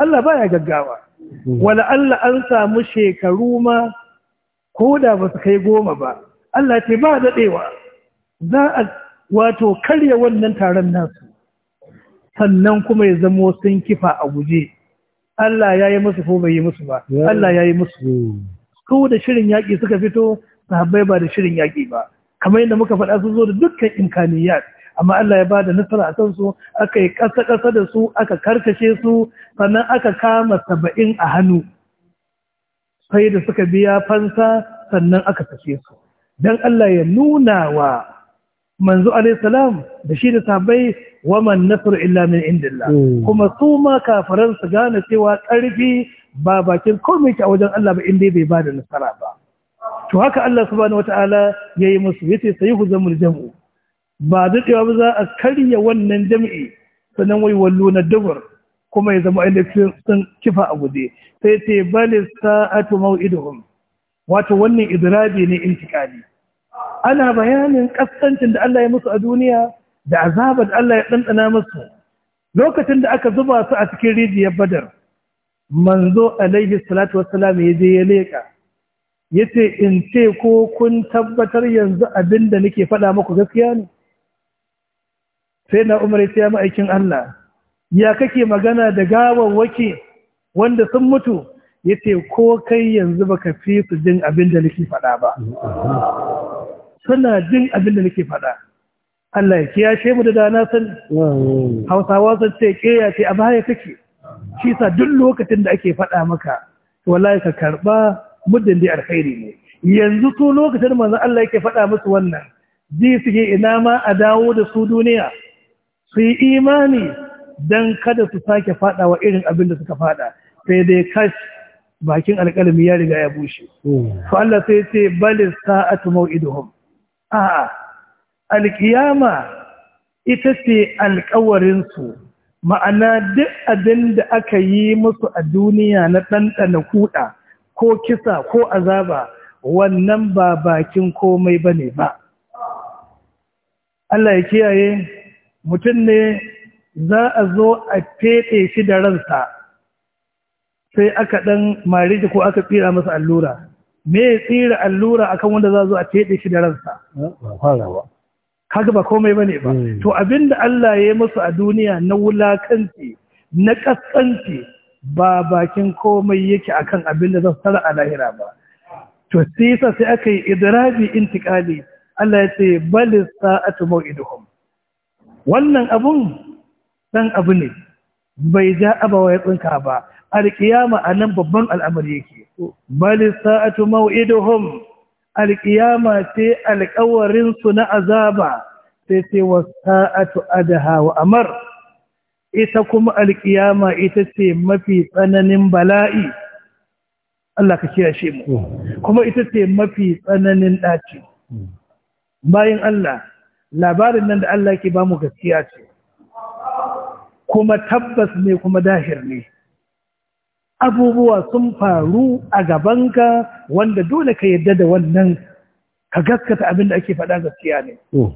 Allah baya gaggawa mhm. wala Allah an samu shekaru ma ko da ba su kai goma ba Allah ce ba daɗewa za a wato karya wannan taron nasu sannan kuma ya zamo sun kifa a guje Allah ya yi musu ko bai yi musu ba Allah ya yi musu ko hmm. da shirin yaƙi suka fito sahabbai ba da shirin yaƙi ba kamar yadda muka faɗa su zo da dukkan imkaniyat amma Allah ya ba da nasara a kansu aka yi ƙasa-ƙasa da su aka karkashe su sannan aka kama saba'in a hannu sai da suka biya fansa sannan aka tafi su don Allah ya nuna wa manzo alaihissalam da shi da sabai man nasar illa min indillah hmm. kuma su ma kafaran su gane cewa ƙarfi ba bakin komai a wajen Allah ba inda bai ba da nasara ba to haka Allah subhanahu wataala yayi musu yace sayhuzamul jam'u ba daɗewa ba za a karya wannan jam'i sannan wai wallo na dubar kuma ya zama ainihin sun kifa a guje sai ce bali sa'atu mau'iduhum wato wannan idrabi ne in intikali ana bayanin kasancin da Allah ya musu a duniya da azabar da Allah ya ɗanɗana musu lokacin da aka zuba su a cikin rijiyar badar manzo alaihi salatu wassalam ya je ya leƙa ya ce in ce ko kun tabbatar yanzu abin da nake faɗa muku gaskiya ne sai na umar ya ma'aikin Allah ya kake magana da gawawwaki wanda sun mutu ya ce ko kai yanzu ba ka fi su jin abin da nake faɗa ba suna jin abin da nake faɗa Allah ya kiyashe mu da dana san hausawa sun ce keya ce a baya kake shi sa duk lokacin da ake faɗa maka wallahi ka karɓa muddin da alkhairi ne yanzu su lokacin manzon Allah yake faɗa musu wannan ji su ina ma a dawo da su duniya su yi imani don kada su sake fada wa irin abin da suka fada sai dai kash bakin alkalmi ya riga ya bushe hmm. to Allah sai ce balis sa'atu maw'iduhum a'a alƙiyama ita ce alƙawarin su ma'ana duk abin da aka yi musu a duniya na ɗanɗana kuɗa ko kisa ko azaba wannan ba bakin komai bane ba Allah ya kiyaye mutum ne za a zo a feɗe shi da ransa sai aka ɗan mari ko aka tsira masa allura me ya tsira allura akan wanda za a zo a feɗe shi da ransa kaga ba komai ba ne hmm. ba to abinda Allah ya yi musu a duniya na wulakanci na ƙasƙanci ba bakin komai yake akan abin da zan tsara a lahira ba to sai sai aka yi idrabi intiqali Allah ya ce bal sa'atu maw'iduhum wannan abun dan abu ne bai ja abawa ya tsinka ba alkiyama a nan babban al'amari yake bali sa'atu maw'iduhum alkiyama ce alƙawarin su na azaba sai ce wa sa'atu wa amar ita kuma alkiyama ita ce mafi tsananin bala'i Allah ka shi mu kuma ita ce mafi tsananin ɗaci bayan Allah labarin nan da Allah ke ba mu gaskiya ce kuma tabbas ne kuma dahir ne abubuwa sun faru a gabanka wanda dole ka yadda da wannan ka gaskata abin da ake faɗa gaskiya ne mm.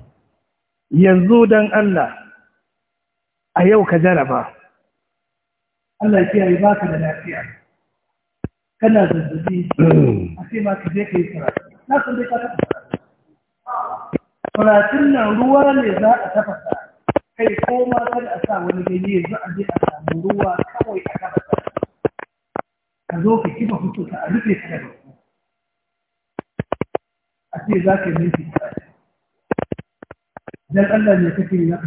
yanzu don Allah a yau ka jaraba Allah ya yi baka da lafiya kana zazzabi mm. a ce ma ka je ka yi karatu na san dai ka taɓa Kuratun nan ruwa ne za a tafasa, kai ko ma a sa wani ganye za a je a samu ruwa kawai a tafasa. Ka zo ka kifa fito ta a rufe ta daga ku. A ce za ka yi minti Dan Allah ne kake yi na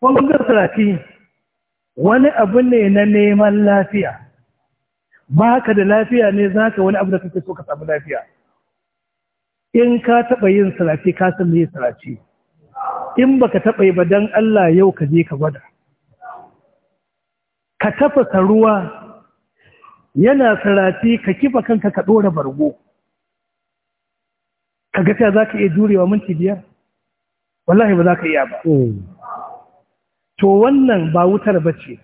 Wani ga sarafi wani abu ne na neman lafiya. Ba ka da lafiya ne za ka wani abu da kake so ka samu lafiya. in ka taɓa yin sarace ka san me sarace in baka taɓa yi ba don Allah yau ka je ka gwada ka tafasa ruwa yana sarace ka kifa kanka ka ɗora bargo ka ga za ka iya jurewa minti biyar wallahi ba za ka iya ba hmm. to wannan ba wutar ba ce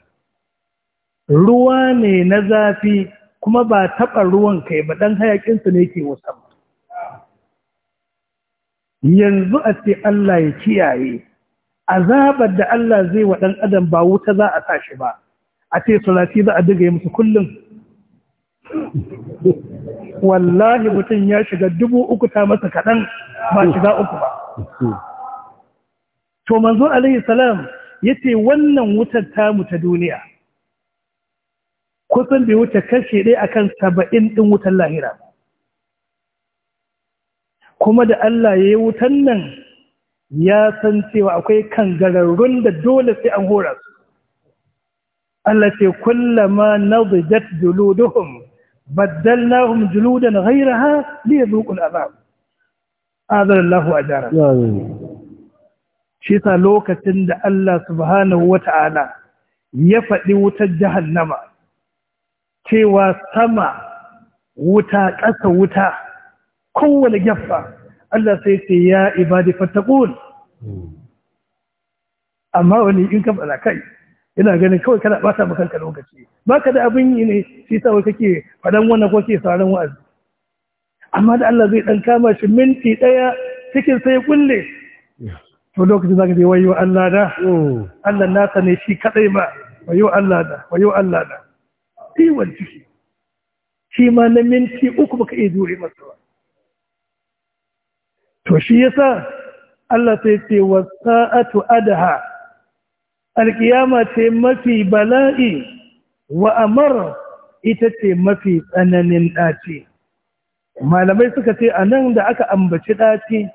ruwa ne na zafi kuma ba taɓa ruwan kai ba ɗan hayaƙinsu ne ke musamman yanzu a ce Allah ya kiyaye azabar da Allah zai wa ɗan adam ba wuta za a shi ba a ce salati za a diga musu kullum wallahi mutum ya shiga dubu uku ta masa kaɗan ba shiga uku ba to manzo alaihi salam ya ce wannan wutar tamu ta duniya kusan bai wuce kashe ɗaya akan saba'in ɗin wutar lahira ba kuma da Allah ya yi wutan nan ya san cewa akwai kan gararrun da dole sai an hora su Allah ce kullama nadijat na baddalnahum juludan ghayraha liyadhuqul azab azallahu ajara shi sa lokacin da Allah subhanahu Ta'ala ya faɗi wutar jahannama cewa sama wuta ƙasa wuta kowane gyaffa Allah sai ce ya ibadi fattakun amma wani in ka fada kai ina ganin kawai kana bata maka kanka lokaci ka da abin yi ne shi sa wai kake fadan wannan ko ke sauraron wa'azi amma da Allah zai dan kama shi minti daya cikin sai kulle to lokacin zaka je wayo Allah da Allah nasa ne shi kadai ba wayo Allah da wayo Allah da ciwon ciki shi ma na minti uku baka iya jure masa ba to shi yasa Allah sai ce wasa'atu adha alkiyama ce mafi bala'i wa amar ita ce mafi tsananin ɗaci malamai suka ce anan da aka ambaci ɗaci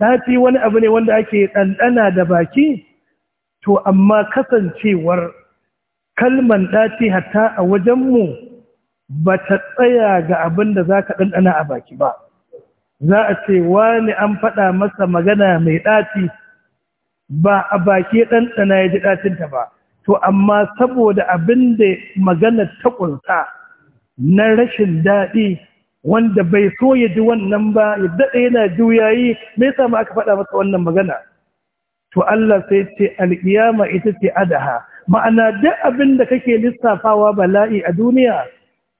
ɗaci wani abu ne wanda ake ɗanɗana da baki to amma kasancewar kalman ɗaci hatta a wajenmu ba ta tsaya ga abin da za ka ɗanɗana a baki ba za a ce wani an faɗa masa magana mai ɗaci ba a baki ɗanɗana ya ji ɗacinta ba to amma saboda abin da magana ta ƙunsa na rashin daɗi wanda bai so ya ji wannan ba ya daɗa yana juyayi me yasa ma aka faɗa masa wannan magana to Allah sai ce alƙiyama ita ce adaha ma'ana duk abin da kake lissafawa bala'i a duniya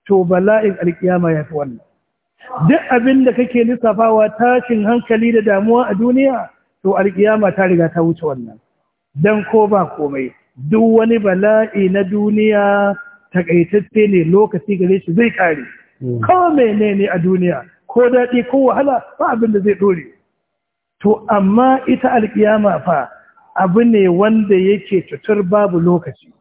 to bala'in alƙiyama ya fi wannan duk abin da kake lissafawa tashin hankali da damuwa a duniya to alkiyama ta riga ta wuce wannan dan ko ba komai duk wani bala'i na duniya takaitacce ne lokaci gare shi zai kare hmm. ko menene a duniya ko daɗi ko wahala ba abin da zai dore to amma ita alkiyama fa abu ne wanda yake cutar babu lokaci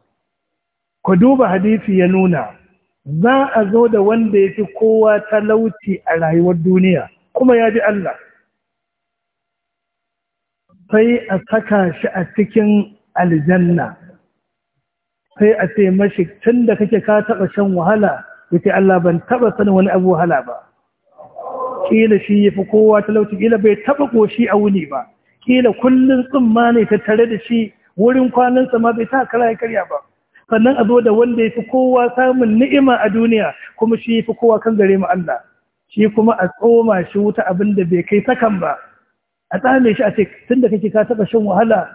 ku duba hadisi ya nuna za a zo da wanda ya fi kowa talauci a rayuwar duniya kuma ya ji Allah sai a saka shi a cikin aljanna sai a ce mashi tun da kake ka taba shan wahala yake Allah ban taba sanin wani abu wahala ba ƙila shi ya fi kowa talauci ƙila bai taɓa ƙoshi a wuni ba ƙila kullum tsumma ne ta tare da shi wurin kwanansa ma bai ta kara ya karya ba sannan a zo da wanda ya fi kowa samun ni'ima a duniya kuma shi ya fi kowa kan gare mu Allah shi kuma a tsoma shi wuta abinda da bai kai sakan ba a tsame shi a ce tun da kake ka taɓa shan wahala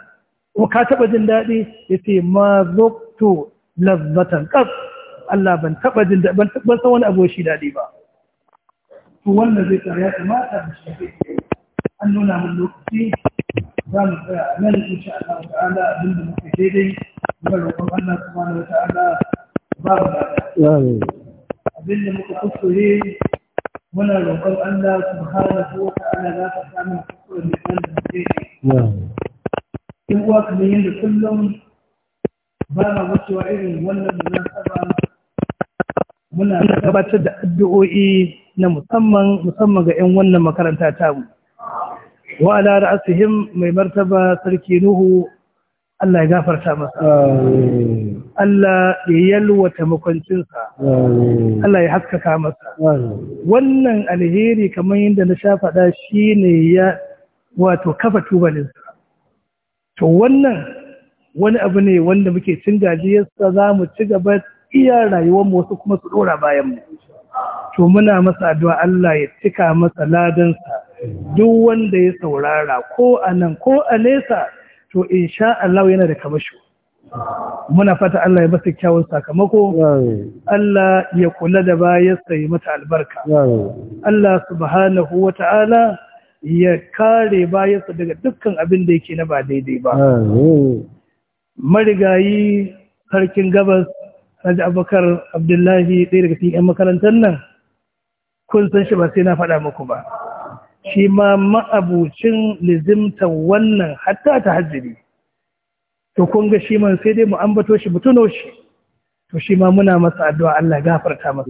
ko ka taɓa jin daɗi ya ce ma zokto lazzatan ƙas Allah ban taɓa jin daɗi ban san wani abu shi daɗi ba to wannan zai tsaya ya kamata da shi an nuna mun lokaci za mu tsaya nan sha Allah ta'ala abin da muke daidai muna roƙon Allah subhanahu wata'ala ba mu da abin da muka kuskure muna roƙon Allah subhanahu wata'ala za ta samu kuskuren da kan da ke in uwa kamar yadda kullum ba na wucewa irin wannan da saba. muna gabatar da addu'o'i na musamman musamman ga 'yan wannan makaranta tamu wa ala ra'asihim mai martaba sarki nuhu Allah ya gafarta masa Allah ya yalwata makwancinsa Allah ya haskaka masa wannan alheri kamar yadda na sha faɗa shine ya wato kafa tubalinsa to wannan wani abu ne wanda muke cin gajiyarsa za mu ci gaba iya rayuwar wasu kuma su ɗora bayan mu to muna masa addu'a Allah ya cika masa ladansa duk wanda ya saurara ko a nan ko a nesa to in sha Allah yana da kamasho muna fata Allah ya basu kyawun sakamako Allah ya kula da bayansa ya mata albarka Allah subhanahu wata'ala ya kare bayansa daga dukkan abin da yake na ba daidai ba marigayi sarkin gabas Haji Abubakar Abdullahi ɗaya daga cikin 'yan makarantar nan kun san shi ba sai na faɗa muku ba shi ma ma'abucin lizimta wannan hatta ta hajjiri to kun ga shi man sai dai mu ambato shi mu tuno shi to shi ma muna masa addu'a Allah gafarta masa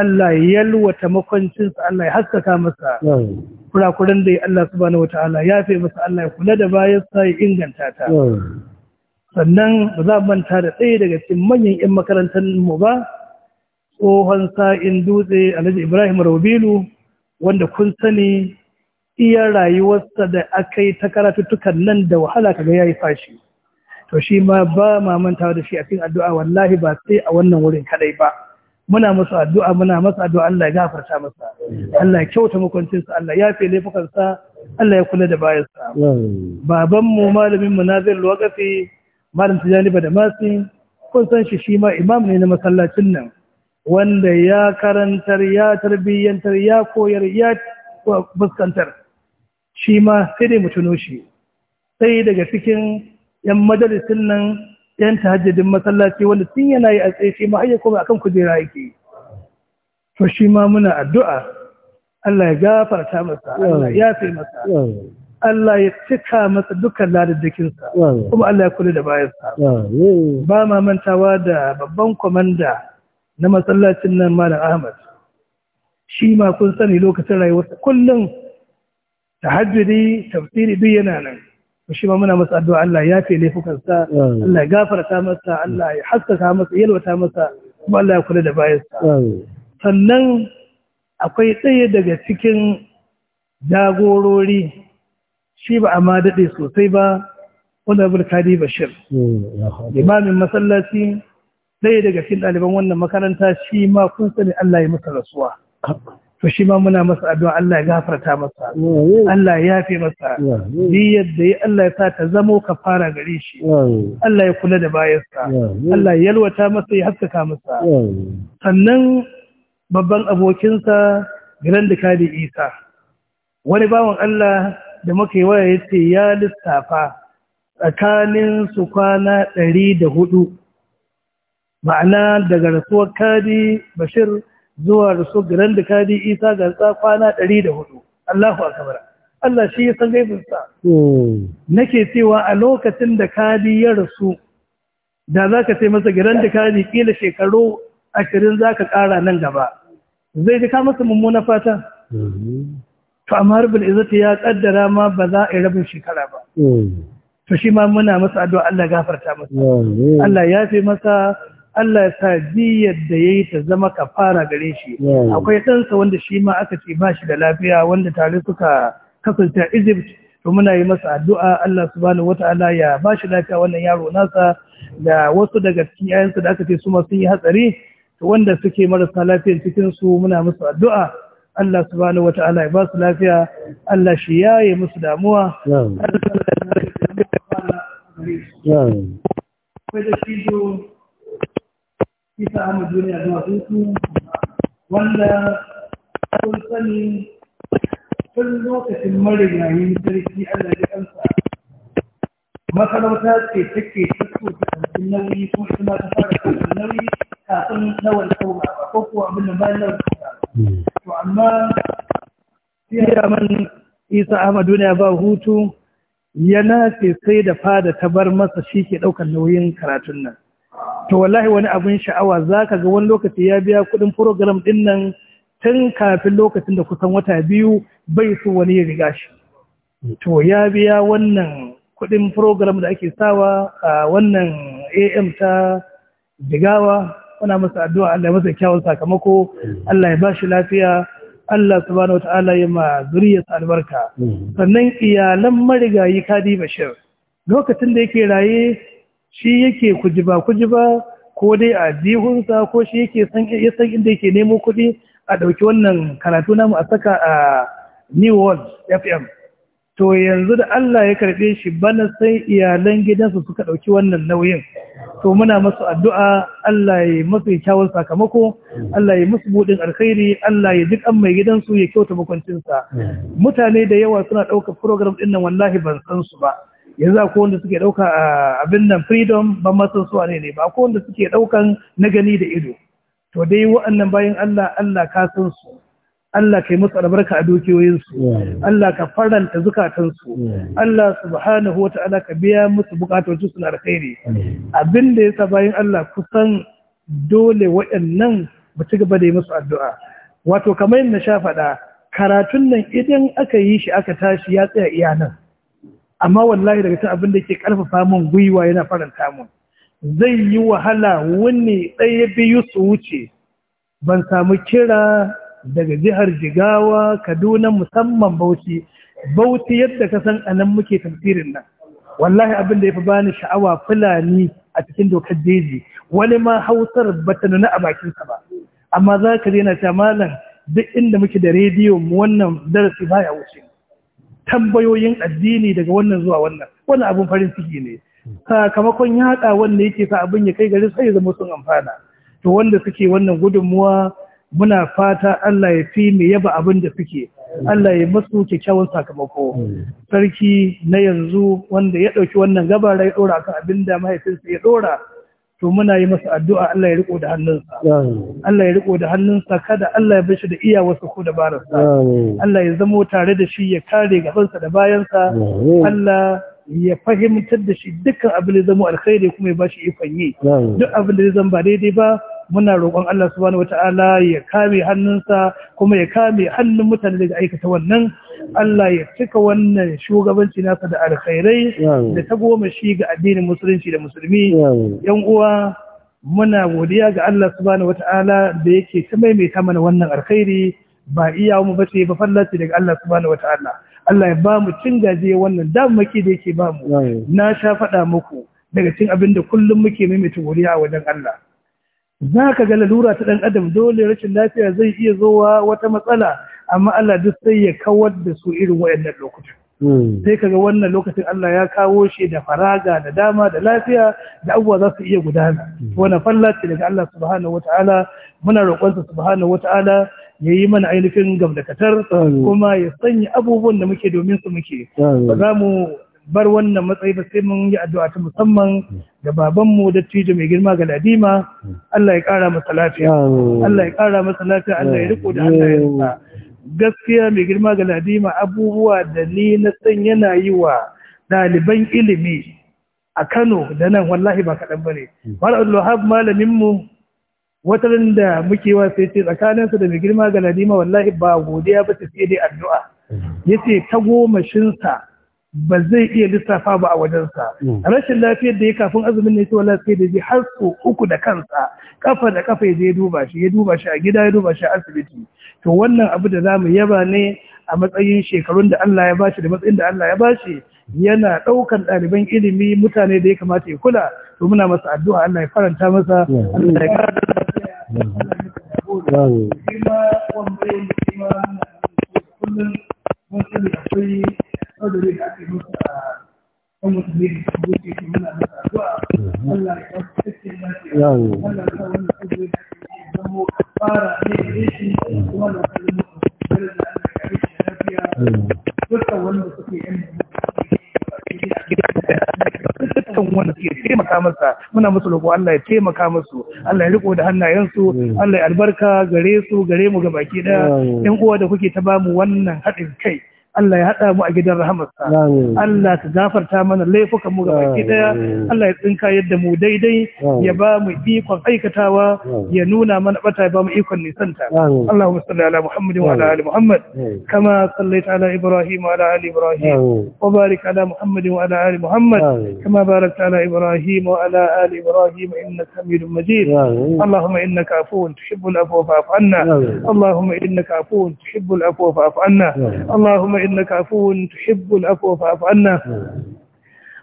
Allah ya yalwata makwancinsa Allah ya haskaka masa kurakuran da Allah subhanahu wataala ya fi masa Allah ya kula da bayansa ya inganta ta sannan ba za manta da tsaye daga cikin manyan 'yan makarantar mu ba tsohon sa'in dutse alhaji ibrahim rabilu wanda kun sani iya rayuwarsa da aka yi ta karatuttukan nan da wahala kaga ya yi fashi to shi ma ba ma da shi a cikin addu'a wallahi ba sai a wannan wurin kadai ba muna musu addu'a muna masa addu'a Allah ya gafarta masa Allah ya kyauta mukuncinsa Allah ya fi laifukansa Allah ya kula da bayansa baban mu malamin mu Nazir Lokafi malam Tijani Badamasi kun san shi shi ma imam ne na masallacin nan wanda ya karantar ya tarbiyyantar ya koyar ya fuskantar shi ma sai dai mutuno shi sai daga cikin yan majalisun nan yan tahajjudin masallaci wanda tun yana yi a tsaye shi ma ayyar kuma akan kujera yake to shi ma muna addu'a Allah ya gafarta masa Allah ya fi masa Allah ya cika masa dukkan ladaddakinsa kuma Allah ya kula da bayansa ba ma mantawa da babban kwamanda na masallacin nan Malam Ahmad shi ma kun sani lokacin rayuwarsa kullum tahajjudi tafsiri duk yana nan shi ma muna masa addu'a Allah ya fi laifukansa Allah ya gafarta masa Allah ya haskaka masa yalwata masa kuma Allah ya kula da bayansa sannan akwai tsaye daga cikin jagorori shi ba a ma daɗe sosai ba wanda abin kadi bashir mm, limamin masallaci ɗaya daga cikin ɗaliban wannan makaranta shi ma kun sani Allah ya masa rasuwa to shi ma muna masa addu'a Allah ya gafarta masa Allah ya yafe masa Ni yadda ya Allah ya sa ta zamo ka fara gare shi Allah ya kula da bayansa Allah ya yalwata masa ya haskaka masa sannan babban abokinsa gidan da kadi Isa wani bawan Allah da muka yi waya ce ya lissafa tsakanin su kwana ɗari da hudu ma'ana daga rasuwar kadi bashir zuwa rasuwar garin da kadi isa gantsa kwana 104 Allahu akbar Allah shi ya san gaibinsa hmm. nake cewa a lokacin da kadi ya rasu da za ka sai masa garin da kadi kila shekaru 20 za ka kara nan gaba zai ji ka masa mummuna fata hmm. to amma harbul izzati ya kaddara ma ba za a yi rabin shekara ba hmm. to shi ma muna masa addu'a Allah gafarta masa Allah ya fi masa Allah ya sa diyar da ya yi ta zama ka fara gare shi akwai ɗansa wanda shi ma aka ce ba shi da lafiya wanda tare suka kasance Egypt to muna yi masa addu'a Allah wata wata'ala ya ba shi lafiya wannan yaro nasa da wasu daga cikin yayansa da aka ce su ma sun yi hatsari to wanda suke marasa lafiyar cikinsu, su muna musu addu'a Allah wata wata'ala ya ba su lafiya Allah shi yi musu damuwa Allah ya ba su lafiya isa hannun duniya zuwa hutu wanda sun sani tun lokacin marigayi sarki Allah ya kansa masarauta ce take tattu ta ɗauki nauyi ko ita ma ta fara ɗauki nauyi kafin nawan ba. ko kuwa abin da bayan nawan tauba to amma sai man isa ahmad duniya ba hutu Yana ce sai da fada ta bar masa shi ke ɗaukar nauyin karatun nan to wallahi wani abin sha'awa za ka ga wani lokaci ya biya kudin program ɗinnan nan tun kafin lokacin da kusan wata biyu bai so wani ya riga shi to ya biya wannan kudin program da ake sawa a wannan am ta jigawa ana masa addu'a Allah ya masa kyawun sakamako Allah ya ba shi lafiya Allah subhanahu wata'ala ya ma zuriyarsa albarka mm. sannan iyalan marigayi Kadi Bashir lokacin da yake raye shi yake kujiba kujiba ko dai a jihunsa ko shi yake san ya san inda yake nemo kuɗi a ɗauki wannan karatu namu a saka a New World FM to yanzu da Allah ya karɓe shi bana sai iyalan gidansu suka ɗauki wannan nauyin to muna masu addu'a Allah ya masu kyawun sakamako Allah ya musu buɗin alkhairi Allah ya duk an mai gidansu ya kyauta makwancinsa mutane da yawa suna ɗaukar program ɗin nan wallahi ban san su ba yanzu a kowanne suke ɗauka a abin nan freedom ban masan suwa ne ne ba akwai suke ɗaukan na gani da ido to dai wa'annan bayan Allah Allah ka san su Allah kai musu albarka a dukiyoyinsu Allah ka faranta zukatansu Allah subhanahu wata'ala ka biya musu su suna alkhairi abin da yasa bayan Allah kusan dole waɗannan mu ci gaba da yi musu addu'a wato kamar yadda sha faɗa karatun nan idan aka yi shi aka tashi ya tsaya iya nan amma wallahi daga cikin abin da yake karfafa min gwiwa yana faranta mun. zai yi wahala wani ɗaya biyu su wuce ban samu kira daga jihar jigawa kaduna musamman bauchi bauchi yadda ka san anan muke tafsirin nan wallahi abin da ya fi bani sha'awa fulani a cikin dokar jeji wani ma hausar bata nuna a bakinsa ba amma za ka daina ta malam duk inda muke da rediyo mu wannan darasi baya wuce tambayoyin addini daga wannan zuwa wannan wannan abin farin ciki ne sakamakon ya haɗa wanda yake sa abin ya kai gari sai ya zama sun amfana to wanda suke wannan gudunmuwa muna fata Allah ya fi mai yaba abin da suke Allah ya masu kyakkyawan sakamako sarki na yanzu wanda ya ɗauki wannan gabara ya ɗora kan abin da mahaifinsa ya ɗora to muna yi masa addu'a Allah ya riko da hannunsa Allah ya riko da hannunsa kada Allah ya bashi da iyawarsa ko dabararsa Allah ya zamo tare da shi ya kare gabansa da bayansa Allah ya fahimtar da shi dukkan abin da zama alkhairi kuma ya bashi ikon yi duk abin da zan ba daidai ba muna roƙon Allah subhanahu wataala ya kame hannunsa kuma ya kame hannun mutane daga aikata wannan Allah ya cika wannan shugabanci nasa da alkhairai da ta goma shi ga addinin musulunci da musulmi yan uwa muna godiya ga Allah subhanahu wata'ala da yake ta maimaita mana wannan alkhairi ba iya mu bace ba fallaci daga Allah subhanahu wata'ala Allah ya ba mu cin gaje wannan damaki da yake ba mu na sha faɗa muku daga cin abin da kullum muke maimaita godiya a wajen Allah za ka ga lalura ta ɗan adam dole rashin lafiya zai iya zowa wata matsala amma Allah duk sai ya kawar da su irin wayannan lokutan hmm. sai kaga wannan lokacin Allah ya kawo shi da faraga da dama da lafiya da abubuwa za su iya gudana hmm. wannan fallata daga Allah subhanahu wataala muna roƙonsa subhanahu wataala ya yi mana ainihin gamdakatar kuma ya sanya abubuwan da muke domin su muke ba za mu bar wannan matsayi ba sai mun yi addu'a ta musamman da hmm. babanmu dattijo mai girma ga ladima Allah ya ƙara masa lafiya Allah ya ƙara masa lafiya Allah ya riko da Allah ya gaskiya mai girma ga ladima abubuwa da ni na san yana yi wa ɗaliban ilimi a Kano da nan wallahi ba kaɗan ba ne. Hmm. Malam Lohab malaminmu wata da muke wa sai ce tsakaninsa da mai girma ga ladima wallahi ba godiya ba su fiye da addu'a. Hmm. Ya ce ta gomashinsa ba zai iya lissafa ba a wajensa. Hmm. Rashin lafiyar da ya kafin azumin ne cewa lafiyar sai da ji har so uku da kansa kafa da kafa ya ya duba shi ya duba shi a gida ya duba shi a asibiti. to wannan abu da za mu yaba ne a matsayin shekarun da Allah ya bashi da matsayin da Allah ya bashi yana ɗaukan ɗaliban ilimi mutane da ya kamata ya kula to muna masa addu'a Allah ya faranta masa Allah ya zanto fara ne rishi kuma da kalmar da da Allah ya rishi lafiya dukkan wanda suke yan dukkan wanda suke taimaka masa muna musu roƙo Allah ya taimaka musu Allah ya riko da hannayensu Allah ya albarka gare su gare mu ga baki ɗaya yan uwa da kuke ta bamu wannan haɗin kai الله يا هذا مو أجدر رحمة الله تزافر تامنا لي فك مو غير كده الله إنك يد مو داي داي يبا مي بيك أي كتاوى ينونا من أبتا يبا مي يكون نسنتا اللهم صل على محمد وعلى آل محمد كما صليت على إبراهيم وعلى آل إبراهيم وبارك على محمد وعلى آل محمد كما باركت على إبراهيم وعلى آل إبراهيم إنك حميد مجيد اللهم إنك عفو تحب العفو فاعف عنا اللهم إنك عفو تحب العفو فاعف عنا اللهم إنك عفو تحب العفو فاعف عنا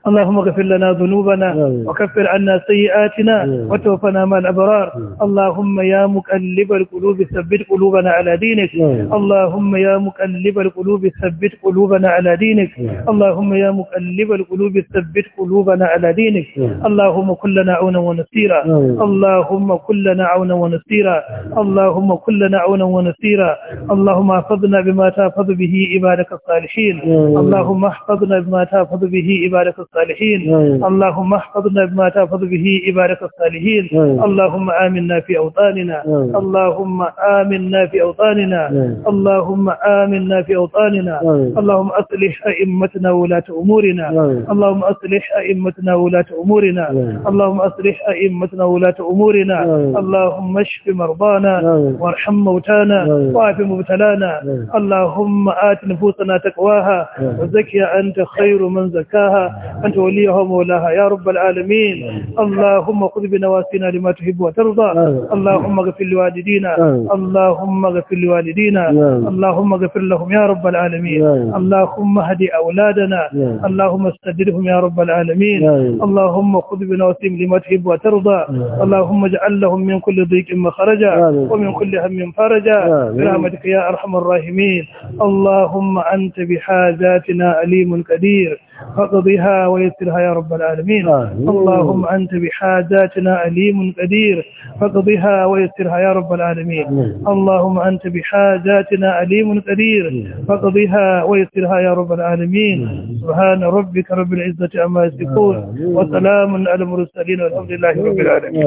اللهم اغفر لنا ذنوبنا وكفر عنا سيئاتنا وتوفنا مع الأبرار اللهم يا مكلب القلوب ثبت قلوبنا على دينك اللهم يا مكلب القلوب ثبت قلوبنا على دينك اللهم يا مكلب القلوب ثبت قلوبنا على دينك اللهم كلنا عونا ونصيرا اللهم كلنا عونا ونصيرا اللهم كلنا عونا ونصيرا اللهم احفظنا بما تحفظ به عبادك الصالحين اللهم احفظنا بما تحفظ به عبادك الصالحين الصالحين نعم. اللهم احفظنا بما تحفظ به عبادك الصالحين نعم. اللهم آمنا في أوطاننا نعم. اللهم آمنا في أوطاننا اللهم آمنا في أوطاننا اللهم أصلح أئمتنا ولاة أمورنا اللهم أصلح أئمتنا ولاة أمورنا اللهم أصلح أئمتنا ولاة أمورنا اللهم اشف مرضانا وارحم موتانا واعف مبتلانا اللهم آت نفوسنا تقواها وزكها أنت خير من زكاها أنت وليهم ومولاها يا رب العالمين اللهم خذ بنواسينا لما تحب وترضى اللهم اغفر لوالدينا اللهم اغفر لوالدينا اللهم اغفر لهم يا رب العالمين اللهم هدي أولادنا اللهم استجرهم يا رب العالمين اللهم خذ بنواسيهم لما تحب وترضى اللهم اجعل لهم من كل ضيق مخرجا ومن كل هم فرجا برحمتك يا أرحم الراحمين اللهم أنت بحاجاتنا أليم قدير فاقضها ويسرها يا رب العالمين آه. اللهم أنت بحاجاتنا أليم قدير فاقضها ويسرها يا رب العالمين اللهم أنت بحاجاتنا أليم قدير فاقضها ويسرها يا رب العالمين سبحان ربك رب العزة عما يصفون وسلام على المرسلين والحمد لله رب العالمين